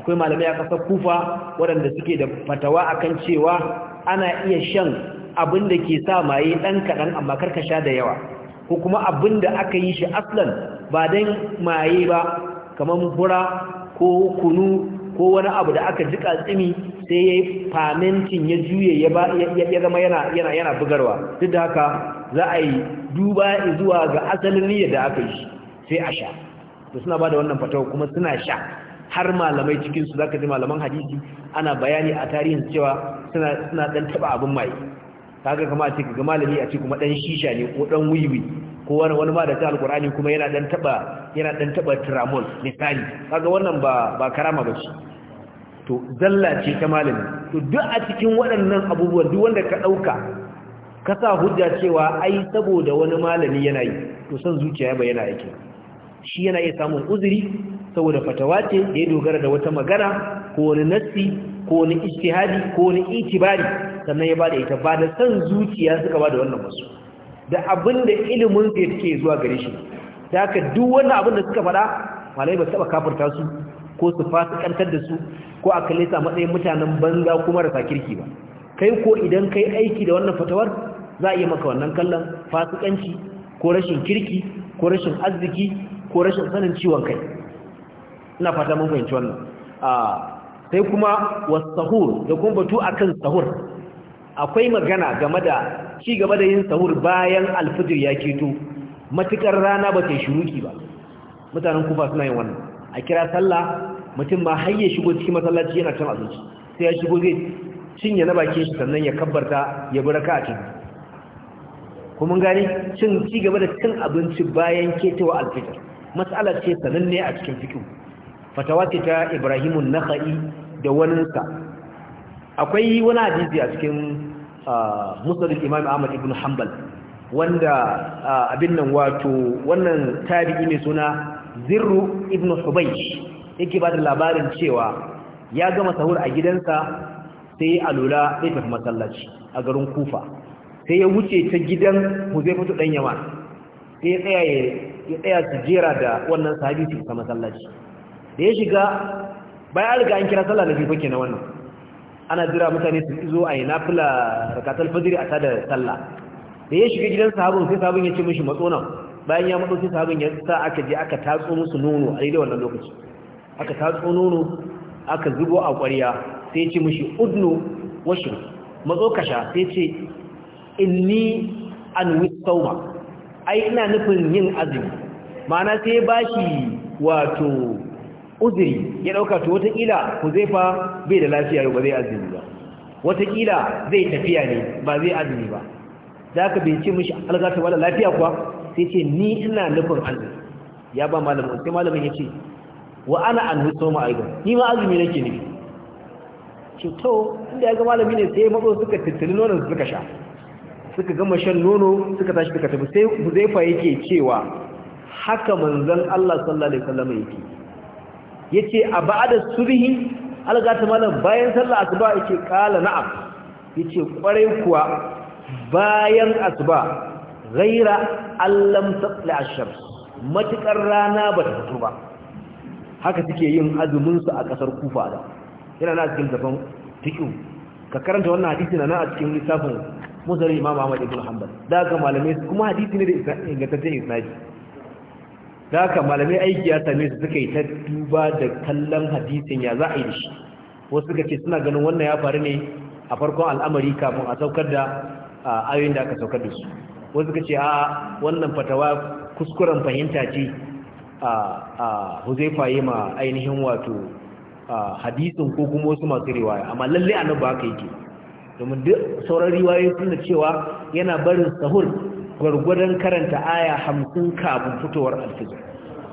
akwai malamai a kasar kufa waɗanda suke da fatawa akan cewa ana iya shan abin da ke sa maye ɗan kaɗan amma karka sha da yawa ko kuma abin da aka yi shi aslan ba don maye ba kamar fura ko kunu ko wani abu da aka jika tsimi sai ya yi famentin ya juye ya zama yana bugarwa duk da haka za a yi duba zuwa ga asalin niyyar da aka yi sai a sha da suna ba da wannan fatawa kuma suna sha har malamai cikinsu za ka ji malaman hadisi ana bayani a tarihin cewa suna ɗan taba abin mai kaga kama a ce malami a ce kuma dan shisha ne ko dan wiwi ko wani wani ma da ta alkur'ani kuma yana dan taba yana dan taba tramol misali kaga wannan ba ba karama ba shi to zalla ce ta malami to duk a cikin waɗannan abubuwan duk wanda ka ɗauka, ka sa hujja cewa ai saboda wani malami yana yi to son zuciya ba yana yake shi yana iya samun uzuri saboda fatawa ce da ya dogara da wata magana ko wani nassi ko wani ijtihadi ko wani itibari sannan ya ba da ita ba da san zuciya suka ba da wannan wasu da abin da ilimin da take zuwa gare shi da haka duk wannan abin da suka faɗa malai ba taɓa kafarta su ko su fasikantar da su ko a kalle sa matsayin mutanen banza ko marasa kirki ba kai ko idan kai aiki da wannan fatawar za a iya maka wannan kallon fasikanci ko rashin kirki ko rashin arziki ko rashin sanin ciwon kai ina fata mun fahimci wannan ah, sai kuma wasahur da kuma batu akan sahur akwai magana game da ci gaba da yin sahur bayan alfijir ya keto matukar rana ba ta shiruki ba mutanen kufa suna yin wannan a kira sallah mutum ma har ya shigo cikin masallaci yana cin abinci sai ya shigo zai cinye na bakin shi sannan ya kabbarta ya bi raka a cikin kuma gani cin ci gaba da cin abinci bayan ketewa alfijir matsala ce sananne a cikin fikin fatawa ce ta ibrahimun naka'i da waninsa akwai wani hadisi a cikin musnadul imam ahmad ibn hanbal wanda abin nan wato wannan tabi'i mai suna zirru ibn hubaysh yake ba da labarin cewa ya gama sahur a gidansa sai ya alula zai tafi masallaci a garin kufa sai ya wuce ta gidan huzaifatu dan yama sai ya tsaya ya tsaya su jera da wannan sahabi su ta masallaci da ya shiga bayan an an kira sallah na fifa kenan wannan ana jira mutane su zo a yi nafila rakatul fajiri a tada sallah da ya shiga gidan sahabin sai sahabin ya ce mishi matsona, bayan ya matso sai sahabin ya sa aka je aka tatso musu nono a daidai wannan lokaci aka tatso nono aka zubo a ƙwariya sai ce mishi udnu washin matso kasha sai ce inni an wisauma ai ina nufin yin azumi ma'ana sai bashi wato uzuri ya dauka to watakila huzaifa bai da lafiya ba zai azumi ba watakila zai tafiya ne ba zai azumi ba da ka bai ce mishi algata wala lafiya kuwa sai ce ni ina nufin azumi ya ba malamin sai malamin ya ce wa ana an hutu ma aidan ni ma azumi nake nufi ce to inda ya ga malami ne sai matso suka tattali su suka sha suka gama shan nono suka tashi suka tafi sai huzaifa yake cewa haka manzon Allah sallallahu alaihi wasallam yake yace a ba'da subhi algata malam bayan sallar asuba yake kala na'am yace kwarai kuwa bayan asuba ghaira allam taqla ash-shams matukar rana ba ta fito ba haka suke yin azumin a kasar kufa da yana na cikin zaban fiqh ka karanta wannan hadisi na a cikin lissafin musulun imam ahmad ibn hanbal daga ga malamai kuma hadisi ne da ingantaccen isnadi da haka malamai aiki ya same su suka yi ta duba da kallon hadisin ya za a yi da shi wasu suka ce suna ganin wannan ya faru ne a farkon al'amari kafin a saukar da ayoyin da aka saukar da su wasu suka ce a wannan fatawa kuskuren fahimta ce a huzaifa yi ma ainihin wato hadisin ko kuma wasu masu riwaya amma lalle a nan ba haka yake domin duk sauran riwayoyi suna cewa yana barin sahur gwargwadon karanta aya hamsin kafin fitowar alfijir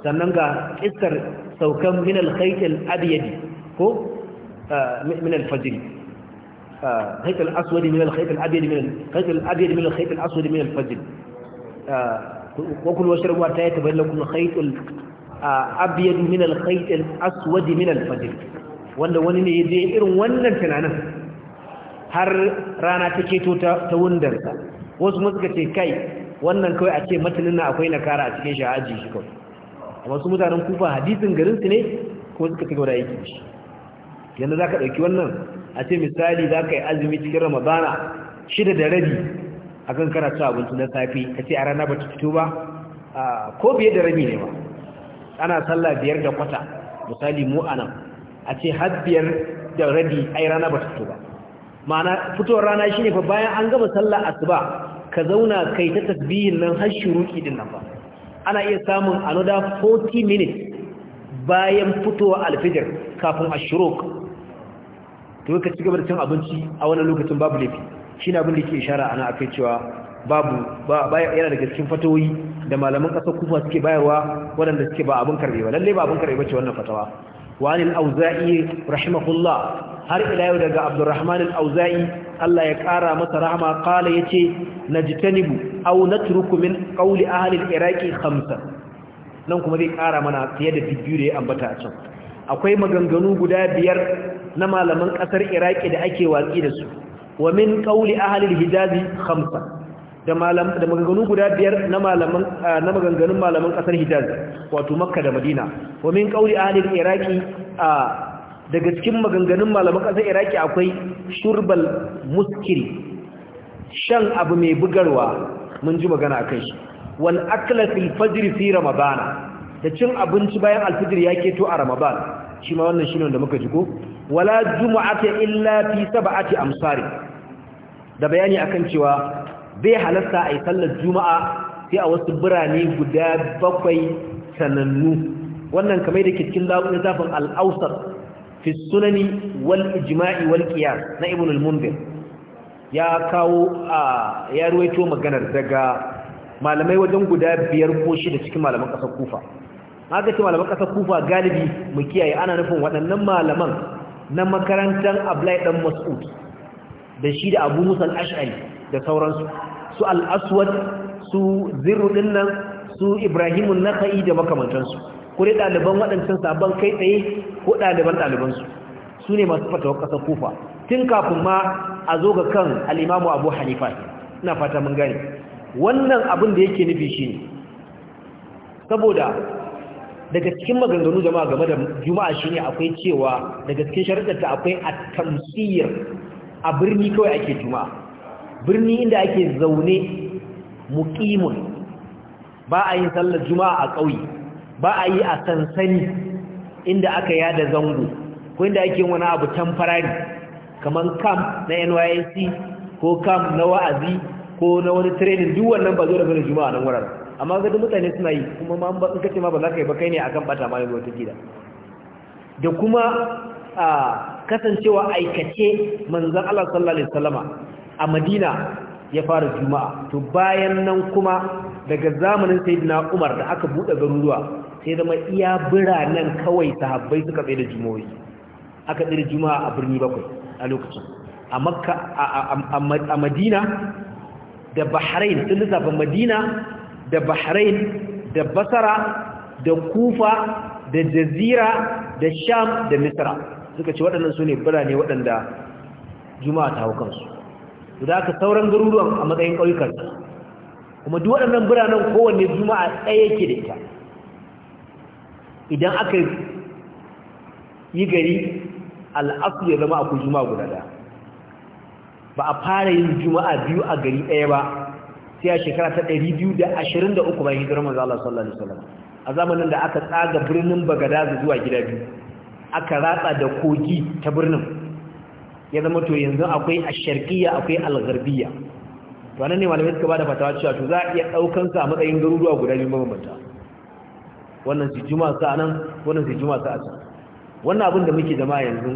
sannan ga iskar saukan minal alkhaitil abyadi ko ah, minal alfajiri ah, aswadi abyadi aswadi ah, ta yataballakum khaitul abyad min alkhaitil aswadi wanda wani ne je irin wannan tunanin har rana ta ta wundarsa wasu ma suka ce kai wannan kawai a ce matanin na akwai kara a cikin shahaji shi kawai amma su mutanen kufa hadisin garin su ne kuma suka gaba da aiki shi Yadda za ka ɗauki wannan a ce misali za ka yi azumi cikin ramadana shida da rabi kan karatu abinci na safi ka ce a rana ba ta fito ba ko biye da rabi ne ba ana sallah biyar da kwata misali mu anan a ce har biyar da rabi ai rana ba ta fito ba ma'ana fitowar rana shine fa bayan an gama sallar asuba ka zauna kai ta tasbihin nan har shuruki din nan ba ana iya samun another 40 minutes bayan fitowar alfijir kafin ashuruk to ka ci gaba da cin abinci a wannan lokacin babu laifi shine abin da yake ishara ana akai cewa babu ba yana da cikin fatawoyi da malaman ƙasar kufa suke bayarwa waɗanda suke ba abin karbe ba lalle ba abin karbe ba ce wannan fatawa wa anil auza'i rahimahullah har ila yau daga abdurrahman al-auza'i Allah ya kara masa rahama qala yace najtanibu aw natruku min qawli ahli al-iraqi khamsa nan kuma zai kara mana fiye da bidiyo da ya ambata a can akwai maganganu guda biyar na malaman kasar iraqi da ake watsi da su wa min qawli ahli al-hijaz khamsa da malam da maganganu guda biyar na malaman na maganganun malaman kasar hijaz wato makka da madina wa min qawli ahli al-iraqi daga cikin maganganun malamin ƙasar iraki akwai shurbal muskiri shan abu mai bugarwa mun ji magana akan shi wal akla fil fajr fi ramadana da cin abinci bayan alfijir ya keto a ramadan shi ma wannan shine wanda muka ji ko wala jumu'ata illa fi sab'ati amsari da bayani akan cewa bai halasta a yi sallar juma'a sai a wasu birane guda bakwai sanannu wannan kamar da ke cikin zafin al fi sunani wal ijma'i wal qiyas na ibn al ya kawo a ya ruwaito maganar daga malamai wajen guda biyar ko shida cikin malaman kasar kufa haka ce malaman kasar kufa galibi mu kiyaye ana nufin waɗannan malaman na makarantar Abdullahi dan Mas'ud da shi da Abu Musa ashari da sauransu su al-Aswad su Zirru dinnan su Ibrahim an da makamantansu ko dai ɗaliban waɗancan sabon kai tsaye ko ɗaliban ɗalibansu su ne masu fatawar kasar kufa tun kafin ma a zo ga kan al'imamu abu hanifa na fata mun gane wannan abin da yake nufi shi ne saboda daga cikin maganganu jama'a game da juma'a shine akwai cewa daga cikin sharaɗarta akwai a tamsiyar a birni kawai ake juma'a birni inda ake zaune muƙimun ba a yin sallar juma'a a ƙauye ba a yi a sansani inda aka yada zango ko inda ake wani abu tamfarari kamar camp na NYSC ko camp na wa'azi ko na wani training duk wannan ba zo da fara juma'a nan wuraren amma ga mutane suna yi kuma ma ba kace ma ba za ka yi ba kai ne akan bata ma yanzu wata gida da kuma a kasancewa aikace manzon Allah sallallahu alaihi wasallama a Madina ya fara juma'a to bayan nan kuma daga zamanin sayyidina Umar da aka buɗe garuruwa sai zama iya biranen kawai sahabbai suka tsaye da juma'i aka tsira juma'a a birni bakwai a lokacin a makka madina da bahrain sun lissafa madina da bahrain da basara da kufa da jazira da sham da misra suka ce waɗannan su ne birane waɗanda juma'a ta hau kansu da aka sauran garuruwan a matsayin ƙauyukansu kuma duk waɗannan biranen kowanne juma'a ɗaya ke da ita idan aka yi gari al'asu ya zama akwai juma'a guda da. ba a fara yin juma'a biyu a gari ɗaya ba sai a shekara ta 223 bayan hijirar manzo Allah sallallahu alaihi wasallam a zamanin da aka tsaga birnin bagada zuwa gida biyu aka ratsa da kogi ta birnin ya zama to yanzu akwai a akwai al to anan ne malamai suka bada fatawa cewa to za a iya daukan sa a matsayin garuruwa guda biyu mabambanta wannan su juma sa nan wannan su juma sa a can wannan abin da muke zama yanzu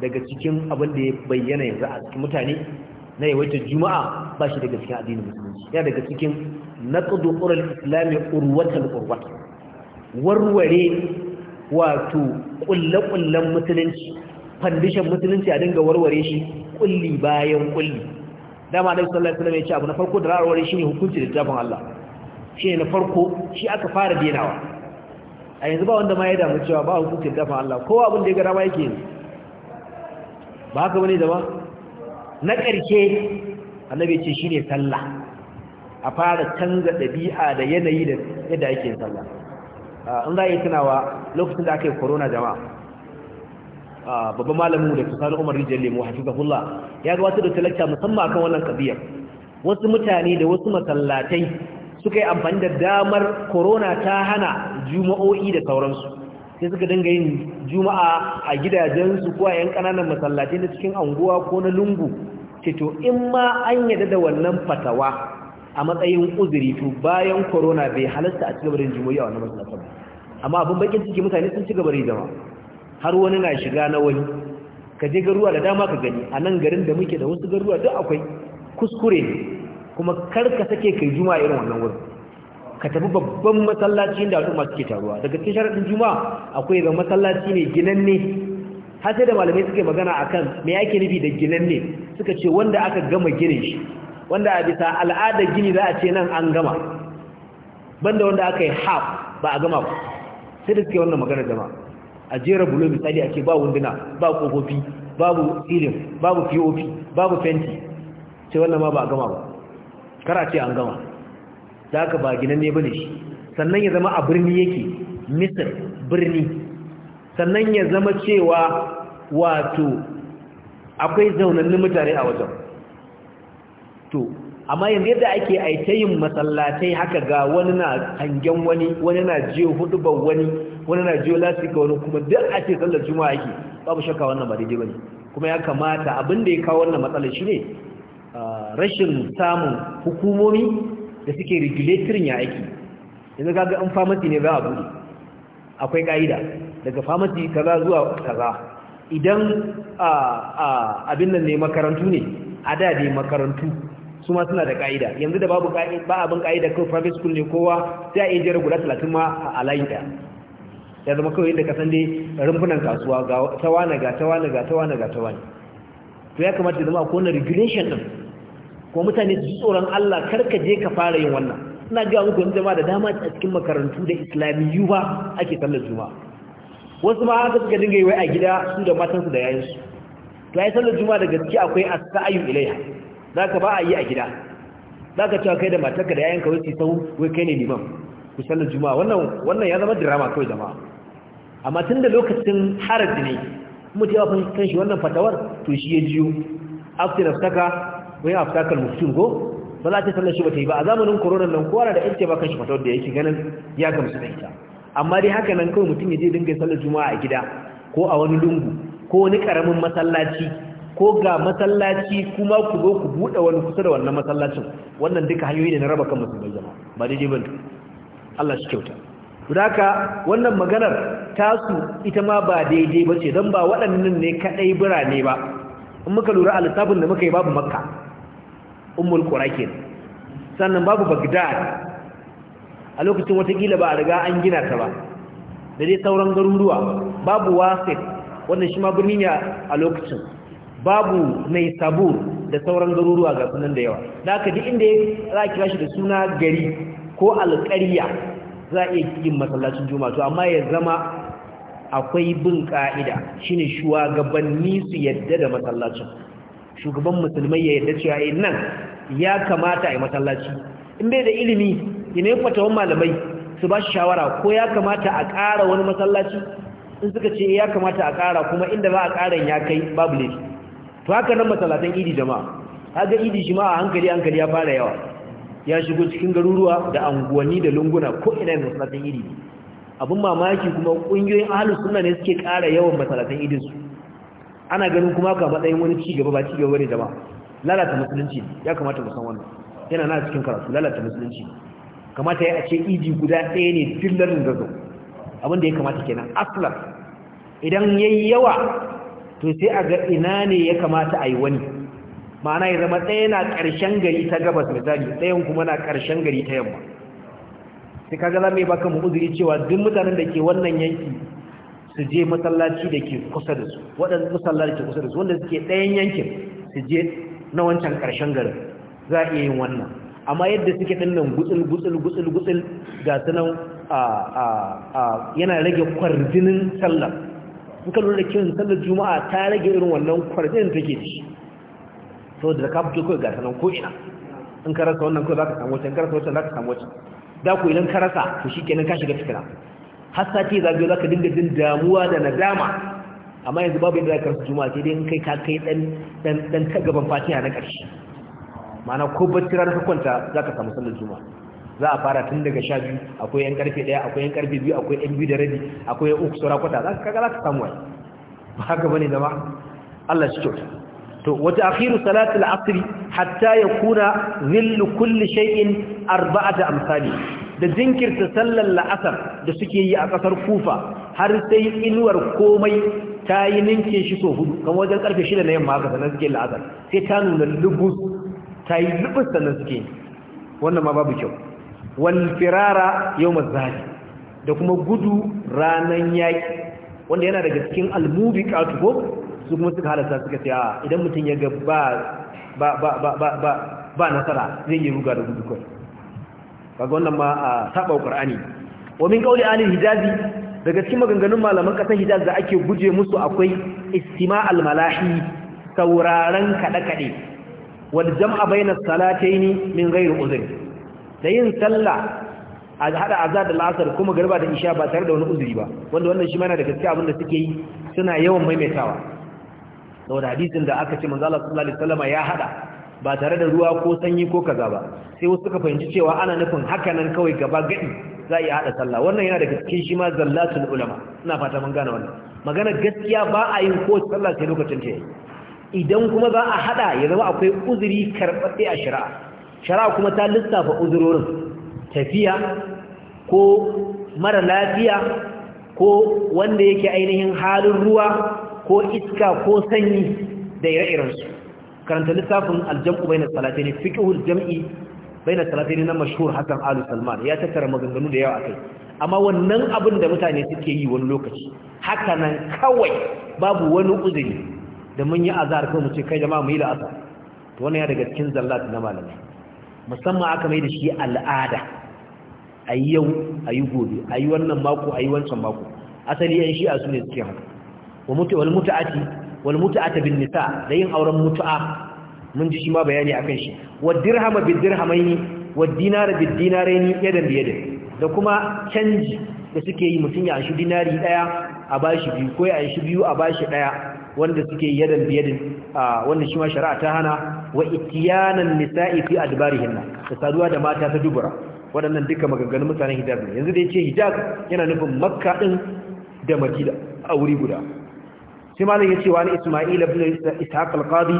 daga cikin abin da ya bayyana yanzu a cikin mutane na yawaitar juma'a ba shi daga cikin addinin musulunci ya daga cikin naqdu ural islami urwatan urwat warware wato kullakullan musulunci fandishan musulunci a dinga warware shi kulli bayan kulli dama da sallallahu alaihi wasallam ya ce abu na farko da shi ne hukunci da tafin Allah ne na farko shi aka fara denawa a yanzu ba wanda ma ya damu cewa ba hukunci da tafin Allah kowa abin da ya ga ba yake yanzu ba haka bane da ba na ƙarshe annabi ce shine sallah a fara canza ɗabi'a da yanayi da yadda ake yin sallah ah, in za a yi tunawa lokacin da aka yi corona jama'a babban malamin da Sani Umar Rijal Lemo hafizahullah ya ga wata da talacca musamman kan wannan kabiyar wasu mutane da wasu masallatai suka yi amfani da damar corona ta hana juma'o'i da sauransu sai suka dinga yin juma'a a gidajensu ko a yan kananan masallatai na cikin anguwa ko na lungu ceto in ma an yadda da wannan fatawa a matsayin uzuri to bayan corona bai halasta a cikin gabarin juma'o'i a wannan masallatai amma abin bakin ciki mutane sun ci gaba da jama'a har wani na shiga na wani ka je garuwa da dama ka gani a nan garin da muke da wasu garuwa duk akwai kuskure ne kuma kar ka sake kai juma'a irin wannan wurin ka tafi babban masallaci da al'umma suke taruwa daga cikin sharadin juma'a akwai ga masallaci ne ginanne har sai da malamai suke magana akan me ake nufi da ginanne suka ce wanda aka gama ginin shi wanda a bisa al'adar gini za a ce nan an gama banda wanda aka yi half ba a gama ba sai da suke wannan magana jama'a a jera bulo misali a ce ba wunduna ba kofofi babu ilin babu pop babu fenti ce wannan ma ba a gama ba kara ce an gama da aka ba gina ne bane shi sannan ya zama a birni yake misir birni sannan ya zama cewa wato akwai zaunannin mutane a wajen to amma yanzu yadda ake aitayin masallatai haka ga wani na hangen wani wani na jiyo hudubar wani wani na jiyo lasika wani kuma duk ake sallar juma'a yake babu shakka wannan ba daidai bane kuma ya kamata abin da ya kawo wannan matsalar shine rashin samun hukumomi da suke regulatorin ya aiki yanzu kaga an famasi ne za a bude akwai ka'ida daga famasi kaza zuwa kaza idan abin nan ne makarantu ne a da dai makarantu su ma suna da ka'ida yanzu da babu ba abin ka'ida ko private school ne kowa sai a iya jira guda 30 ma a layin daya ya zama kawai inda ka san dai rumfunan kasuwa ga tawana ga tawana ga tawana ga tawana to ya kamata ya zama ko na regulation din ko mutane su tsoron Allah karka je ka fara yin wannan ina ga muku yanzu jama'a da dama a cikin makarantu da islamiyyu ba ake sallar juma'a wasu ma haka suka dinga yi wai a gida su da su da su. to ai sallar juma'a da gaske akwai as-sa'yu ilaiha zaka ba a yi a gida zaka cewa kai da matarka da yayin wai su sau, wai kai ne liman ku sallar juma'a wannan wannan ya zama drama kawai jama'a amma tun da lokacin haraji ne mutum ya fahimci kan shi wannan fatawar to shi ya jiyo aftin aftaka wani aftakar mutum ko ba za ta sallar shi ba ta yi ba a zamanin koronan nan kowa da yanke ba kan shi fatawar da yake ganin ya gamsu da ita amma dai haka nan kawai mutum ya je dinga sallar juma'a a gida ko a wani lungu ko wani karamin masallaci ko ga masallaci kuma ku zo ku buɗe wani kusa da wannan masallacin wannan duka hanyoyi ne na raba kan musulmai jama'a ba daidai ba Allah shi kyauta haka wannan maganar tasu ita ma ba daidai ba ce don ba waɗannan ne kaɗai birane ba in muka lura a littafin da muka yi babu makka umul ƙurakin sannan babu bagdad a lokacin watakila ba a riga an gina ta ba da dai sauran garuruwa babu wasif wannan shi ma birni ne a lokacin babu mai sabur da sauran garuruwa ga sunan da yawa da aka ji inda za a kira shi da suna gari ko alƙariya za a iya yin masallacin juma'a to amma ya zama akwai bin ka'ida shine shugabanni su yadda da masallacin shugaban musulmai ya yadda cewa eh nan ya kamata a masallaci in bai da ilimi ina fatawan malamai su ba shawara ko ya kamata a ƙara wani masallaci in suka ce eh, ya kamata a ƙara kuma inda ba a ƙaran ya kai babu laifi to haka nan masallatan idi jama'a haka idi shi ma a hankali hankali ya fara yawa ya shigo cikin garuruwa da anguwanni da lunguna ko ina masallatan idi abin mamaki kuma ƙungiyoyin ahalus suna ne suke ƙara yawan masalatan idinsu ana ganin kuma ka matsayin wani cigaba ba cigaba wani jama'a lalata musulunci ya kamata mu san wannan yana na cikin karatu lalata musulunci kamata ya a ce idi guda ɗaya ne fillarin gazo abin da ya kamata kenan asla idan yayi yawa to sai a ga ina ne ya kamata a yi wani ma'ana ya zama ɗaya na ƙarshen gari ta gabas misali ɗayan kuma na ƙarshen gari ta yamma sai kaga za mu yi baka mu uzuri cewa duk mutanen da ke wannan yanki su je masallaci da ke kusa da su waɗanda masallaci da ke kusa da su wanda suke ɗayan yankin su je na wancan ƙarshen garin za a iya yin wannan amma yadda suke ɗin nan gutsul gutsul gutsul gutsul ga su nan yana rage kwarjinin sallar in ka lura da kiran sallar juma'a ta rage irin wannan kwarjinin take shi saboda da ka fito kawai ga sanan ko ina in ka rasa wannan kawai za ka samu in ka rasa wancan za ka samu wancan da ku idan ka rasa to shikenan ka shiga fitina har sati ka zaka dinga jin damuwa da nadama amma yanzu babu inda ka rasa juma'a sai dai in kai ka kai dan dan dan ta gaban fatiha na karshe ma'ana ko bacci ranar ka kwanta ka samu sallar juma'a za a fara tun daga sha biyu akwai yan karfe ɗaya akwai yan karfe biyu akwai yan biyu da rabi akwai yan uku saura kwata za ka kaga za ka samu wani ba haka bane zama Allah shi kyauta to wata akhiru salatul asri hatta yakuna zillu kulli shay'in arba'ata amsali da jinkirta sallar la'asar da suke yi a kasar kufa har sai inuwar komai ta yi ninke shi so hudu kan wajen karfe shida na yamma haka sannan suke la'asar sai ta nuna lubus ta yi lubus sannan suke wannan ma babu kyau wal firara yau zahi da kuma gudu ranan yaki wanda yana daga cikin almubiqatu ko su kuma suka halasta suka ce a idan mutum ya ga ba nasara zai yi ruga da gudukwai kawai kaga wannan ma a saba qur'ani wa min qawli ahli hijazi daga cikin maganganun malaman kasar hijaz da ake guje musu akwai istima'al malahi sauraron kada kade wal jam'a bayna salataini min ghairi uzr da yin sallah a hada azad da asar kuma garba da isha ba tare da wani uzuri ba wanda wannan shi mana da gaskiya abin da suke yi suna yawan maimaitawa saboda hadisin da aka ce manzo Allah sallallahu alaihi wasallam ya hada ba tare da ruwa ko sanyi ko kaza ba sai wasu suka fahimci cewa ana nufin haka nan kawai gaba gadi za iya hada sallah wannan yana daga cikin shi ma zallatul ulama ina fata mun gane wannan magana gaskiya ba a yin ko sallah sai lokacin ta idan kuma za a hada ya zama akwai uzuri karbatse a shari'a shari'a kuma ta lissafa uzurorin tafiya ko mara lafiya ko wanda yake ainihin halin ruwa ko iska ko sanyi da ire-irensu karanta littafin aljam'u bai na ne jam'i bai na ne na mashhur hakan alu salman ya tattara maganganu da yawa a kai amma wannan abin da mutane suke yi wani lokaci haka nan kawai babu wani uzuri da mun yi azar kai mu ce kai jama'a mu yi la'asa to wannan ya daga cikin zallat na malamai musamman aka mai da shi al'ada a yau a yi gobe a yi wannan mako a yi wancan mako asali yan shi'a su ne suke haka wa bin nisa da yin auren mutu'a mun ji shi ma bayani akan shi wa dirhama bid dirhamaini wa dinara yadan bi yadan da kuma canji da suke yi mutum ya anshi dinari daya a bashi biyu ko ya anshi biyu a bashi daya wanda suke yi yadan bi wanda shi ma shari'a ta hana wa itiyanan nisa'i fi adbarihinna da saduwa da mata ta dubura waɗannan duka maganganun mutanen hijaz ne yanzu da ya ce hijaz yana nufin makka ɗin da madina a wuri guda sai malam ya ce wani isma'il ibn ishaq al-qadi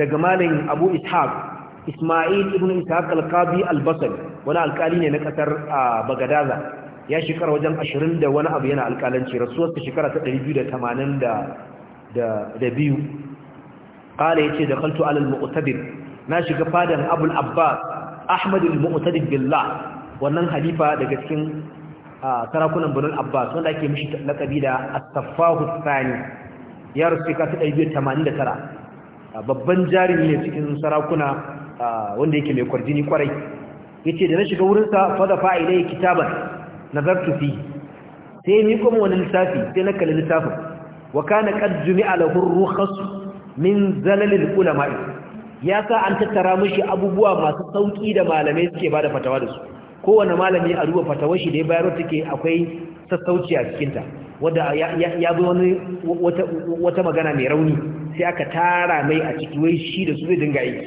daga malam abu ishaq isma'il ibn ishaq al-qadi al-basri wani alkali ne na kasar bagadaza ya shekara wajen 20 da wani abu yana alkalanci rasuwarsa shekara ta 280 da da biyu qala yace dakhaltu ala al-mu'tadir na shiga fadan abul abbas ahmad al-mu'tadir billah wannan halifa daga cikin sarakunan birnin abbas wanda ake mishi lakabi da as-saffahu thani ya rasu ka ta ɗari biyar tamanin da tara babban jarumi ne cikin sarakuna wanda yake mai kwarjini kwarai ya ce da na shiga wurinsa fada fa'ida ya kitabar. na zartufi sai ni miƙo wani littafi sai na kalli littafin wa kana qad jumi'a lahu ruhansu min zalalil ulama'i ya sa an tattara mashi abubuwa masu sauƙi da malamai suke bada fatawa da su kowane malami a duba fatawar shi da ya bayar ke akwai sassauci a cikinta wadda ya bi wani wata magana mai rauni sai aka tara mai a ciki wai shi da su zai dinga aiki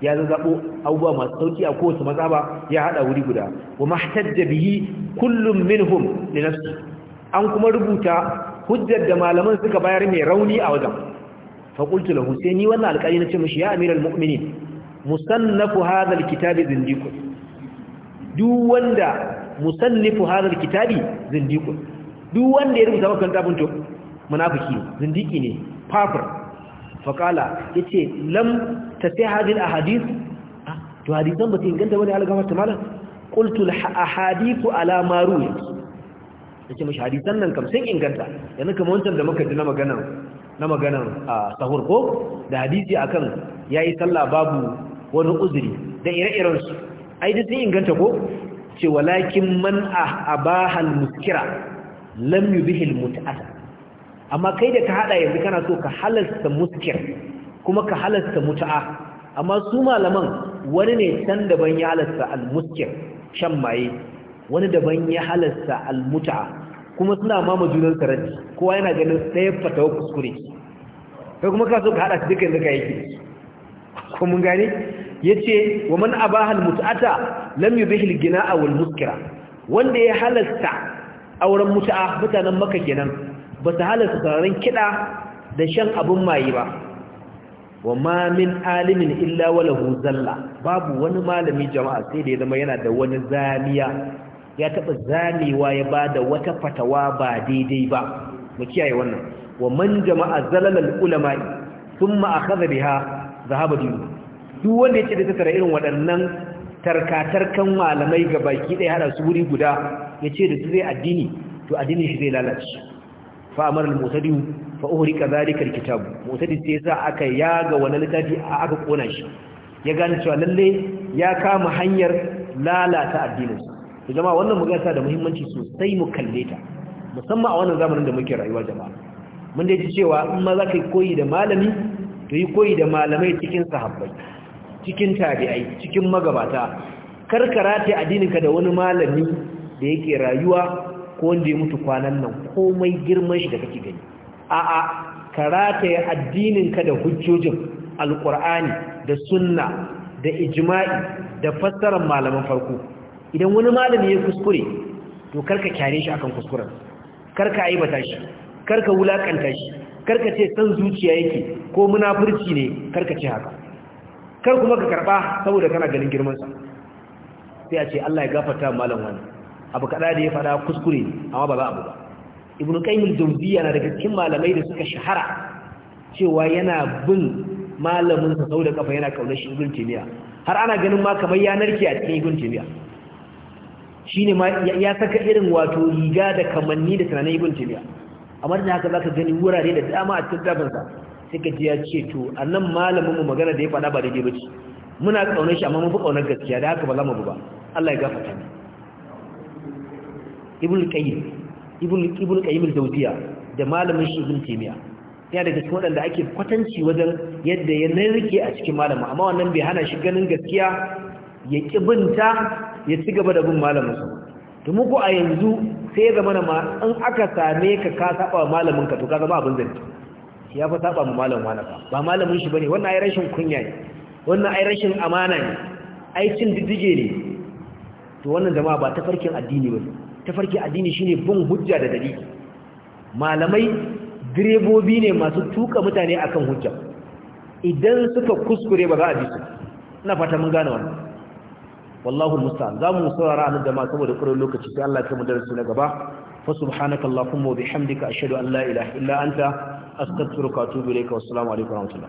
ya zazzabo abubuwa masu sauki a kowace mazaba ya hada wuri guda wa da bihi kullum minhum li nafsi an kuma rubuta hujjar da malaman suka bayar mai rauni a wajen fa qultu lahu wannan alƙali ce mishi ya amiral mu'minin musannafu hadha kitabi zindiqun duk wanda musannifu hadha kitabi zindiqun duk wanda ya rubuta maka littafin to munafiki zindiki ne fafir faqala yace lam tasihad a ahadith ah, to hadisan ba ta inganta bane algama ta malam qultu al ahadith ala Ya ce yace mishi hadisan nan kam sun inganta yana kamar wancan da muka ji na magana na ah, sahur ko da hadisi akan yayi sallah babu wani uzuri da ire-iren su ai duk sun inganta ko ce walakin man a ah, abahal muskira lam yubihil mut'ata amma kai da ka hada yanzu kana so ka halasta muskir kuma ka halasta mut'a amma su malaman wani ne san daban ya halasta al-muskir shan maye wani daban ya halasta al-mut'a kuma suna mama junan sarari kowa yana ganin sai fatawa kuskure kai kuma ka so ka hada su duka yanzu ka yake ko mun gane yace wa man abahal mutata lam yubihil gina'a wal muskira wanda ya halasta auren mutu'a mutanen maka kenan ba su halasta sararin kiɗa da shan abin maye ba wa ma alimin illa walahu zalla babu wani malami jama'a sai da ya zama yana da wani zamiya ya taɓa zamewa ya ba da wata fatawa ba daidai ba mu kiyaye wannan wa man jama'a zalalal ulama'i sun akhadha biha zahaba dinu duk wanda ce da tattara irin waɗannan tarkatarkan malamai ga baki ɗaya hada su wuri guda ya ce da zai addini to addini shi zai lalace fa'amar al-mutadiyu fa uhrika zalika kitab mutadi sai yasa aka yaga wannan littafi aka kona shi ya gane cewa lalle ya kama hanyar lalata addinin to jama'a wannan magasa da muhimmanci sosai mu kalle ta musamman a wannan zamanin da muke rayuwa jama'a mun dai ji cewa in ma za ka yi koyi da malami to yi koyi da malamai cikin sahabbai cikin tabi'ai cikin magabata karkara ta addininka da wani malami da yake rayuwa ko wanda ya mutu kwanan nan komai girman shi da kake gani a'a ka addinin ka da hujjojin alqur'ani da sunna da ijma'i da fassarar malaman farko idan wani malami ya kuskure to karka kyare shi akan kuskuren karka aibata shi karka wulakanta shi karka ce san zuciya yake ko munafurci ne karka ce haka kar kuma ka karba saboda kana ganin girman sa sai a ce Allah ya gafarta malam wani abu kaɗa da ya fada kuskure amma ba za abu ba ibnu qayyim jawziya na daga cikin malamai da suka shahara cewa yana bin malamin sa sau da kafa yana kaunar shi ibnu taymiya har ana ganin ma kamar ya narke a cikin ibnu taymiya shine ma ya saka irin wato riga da kamanni da tunanin ibnu taymiya amma da haka zaka gani wurare da dama a cikin dafin sa sai ka ji ya ce to annan malamin mu magana da ya faɗa ba daidai ce. muna kaunar shi amma mun fi kaunar gaskiya da haka ba za mu bu ba Allah ya gafarta mu ibn qayyim ibn ibn qayyim al-jawziya da malamin shi ibn taymiya yana daga cikin wadanda ake kwatanci wajen yadda ya narke a cikin malama amma wannan bai hana shi ganin gaskiya ya kibinta ya ci gaba da bin malamin sa to mu ko a yanzu sai ga mana ma in aka same ka ka saba malamin ka to ka zama abin zanta ya fa saba mu malamin wani ka ba malamin shi bane wannan ai rashin kunya ne wannan ai rashin amana ne ai cin diddige ne to wannan jama'a ba ta farkin addini ba. tafarki addini shine bin hujja da dalili malamai direbobi ne masu tuka mutane akan hujja idan suka kuskure ba za a bi su ina fata mun gane wannan wallahu musta'an zamu saurara anan ma saboda kurin lokaci sai Allah ya kai mu darasi na gaba fa subhanakallahumma wa bihamdika ashhadu an la ilaha illa anta astaghfiruka wa atubu Wa wassalamu alaikum wa rahmatullahi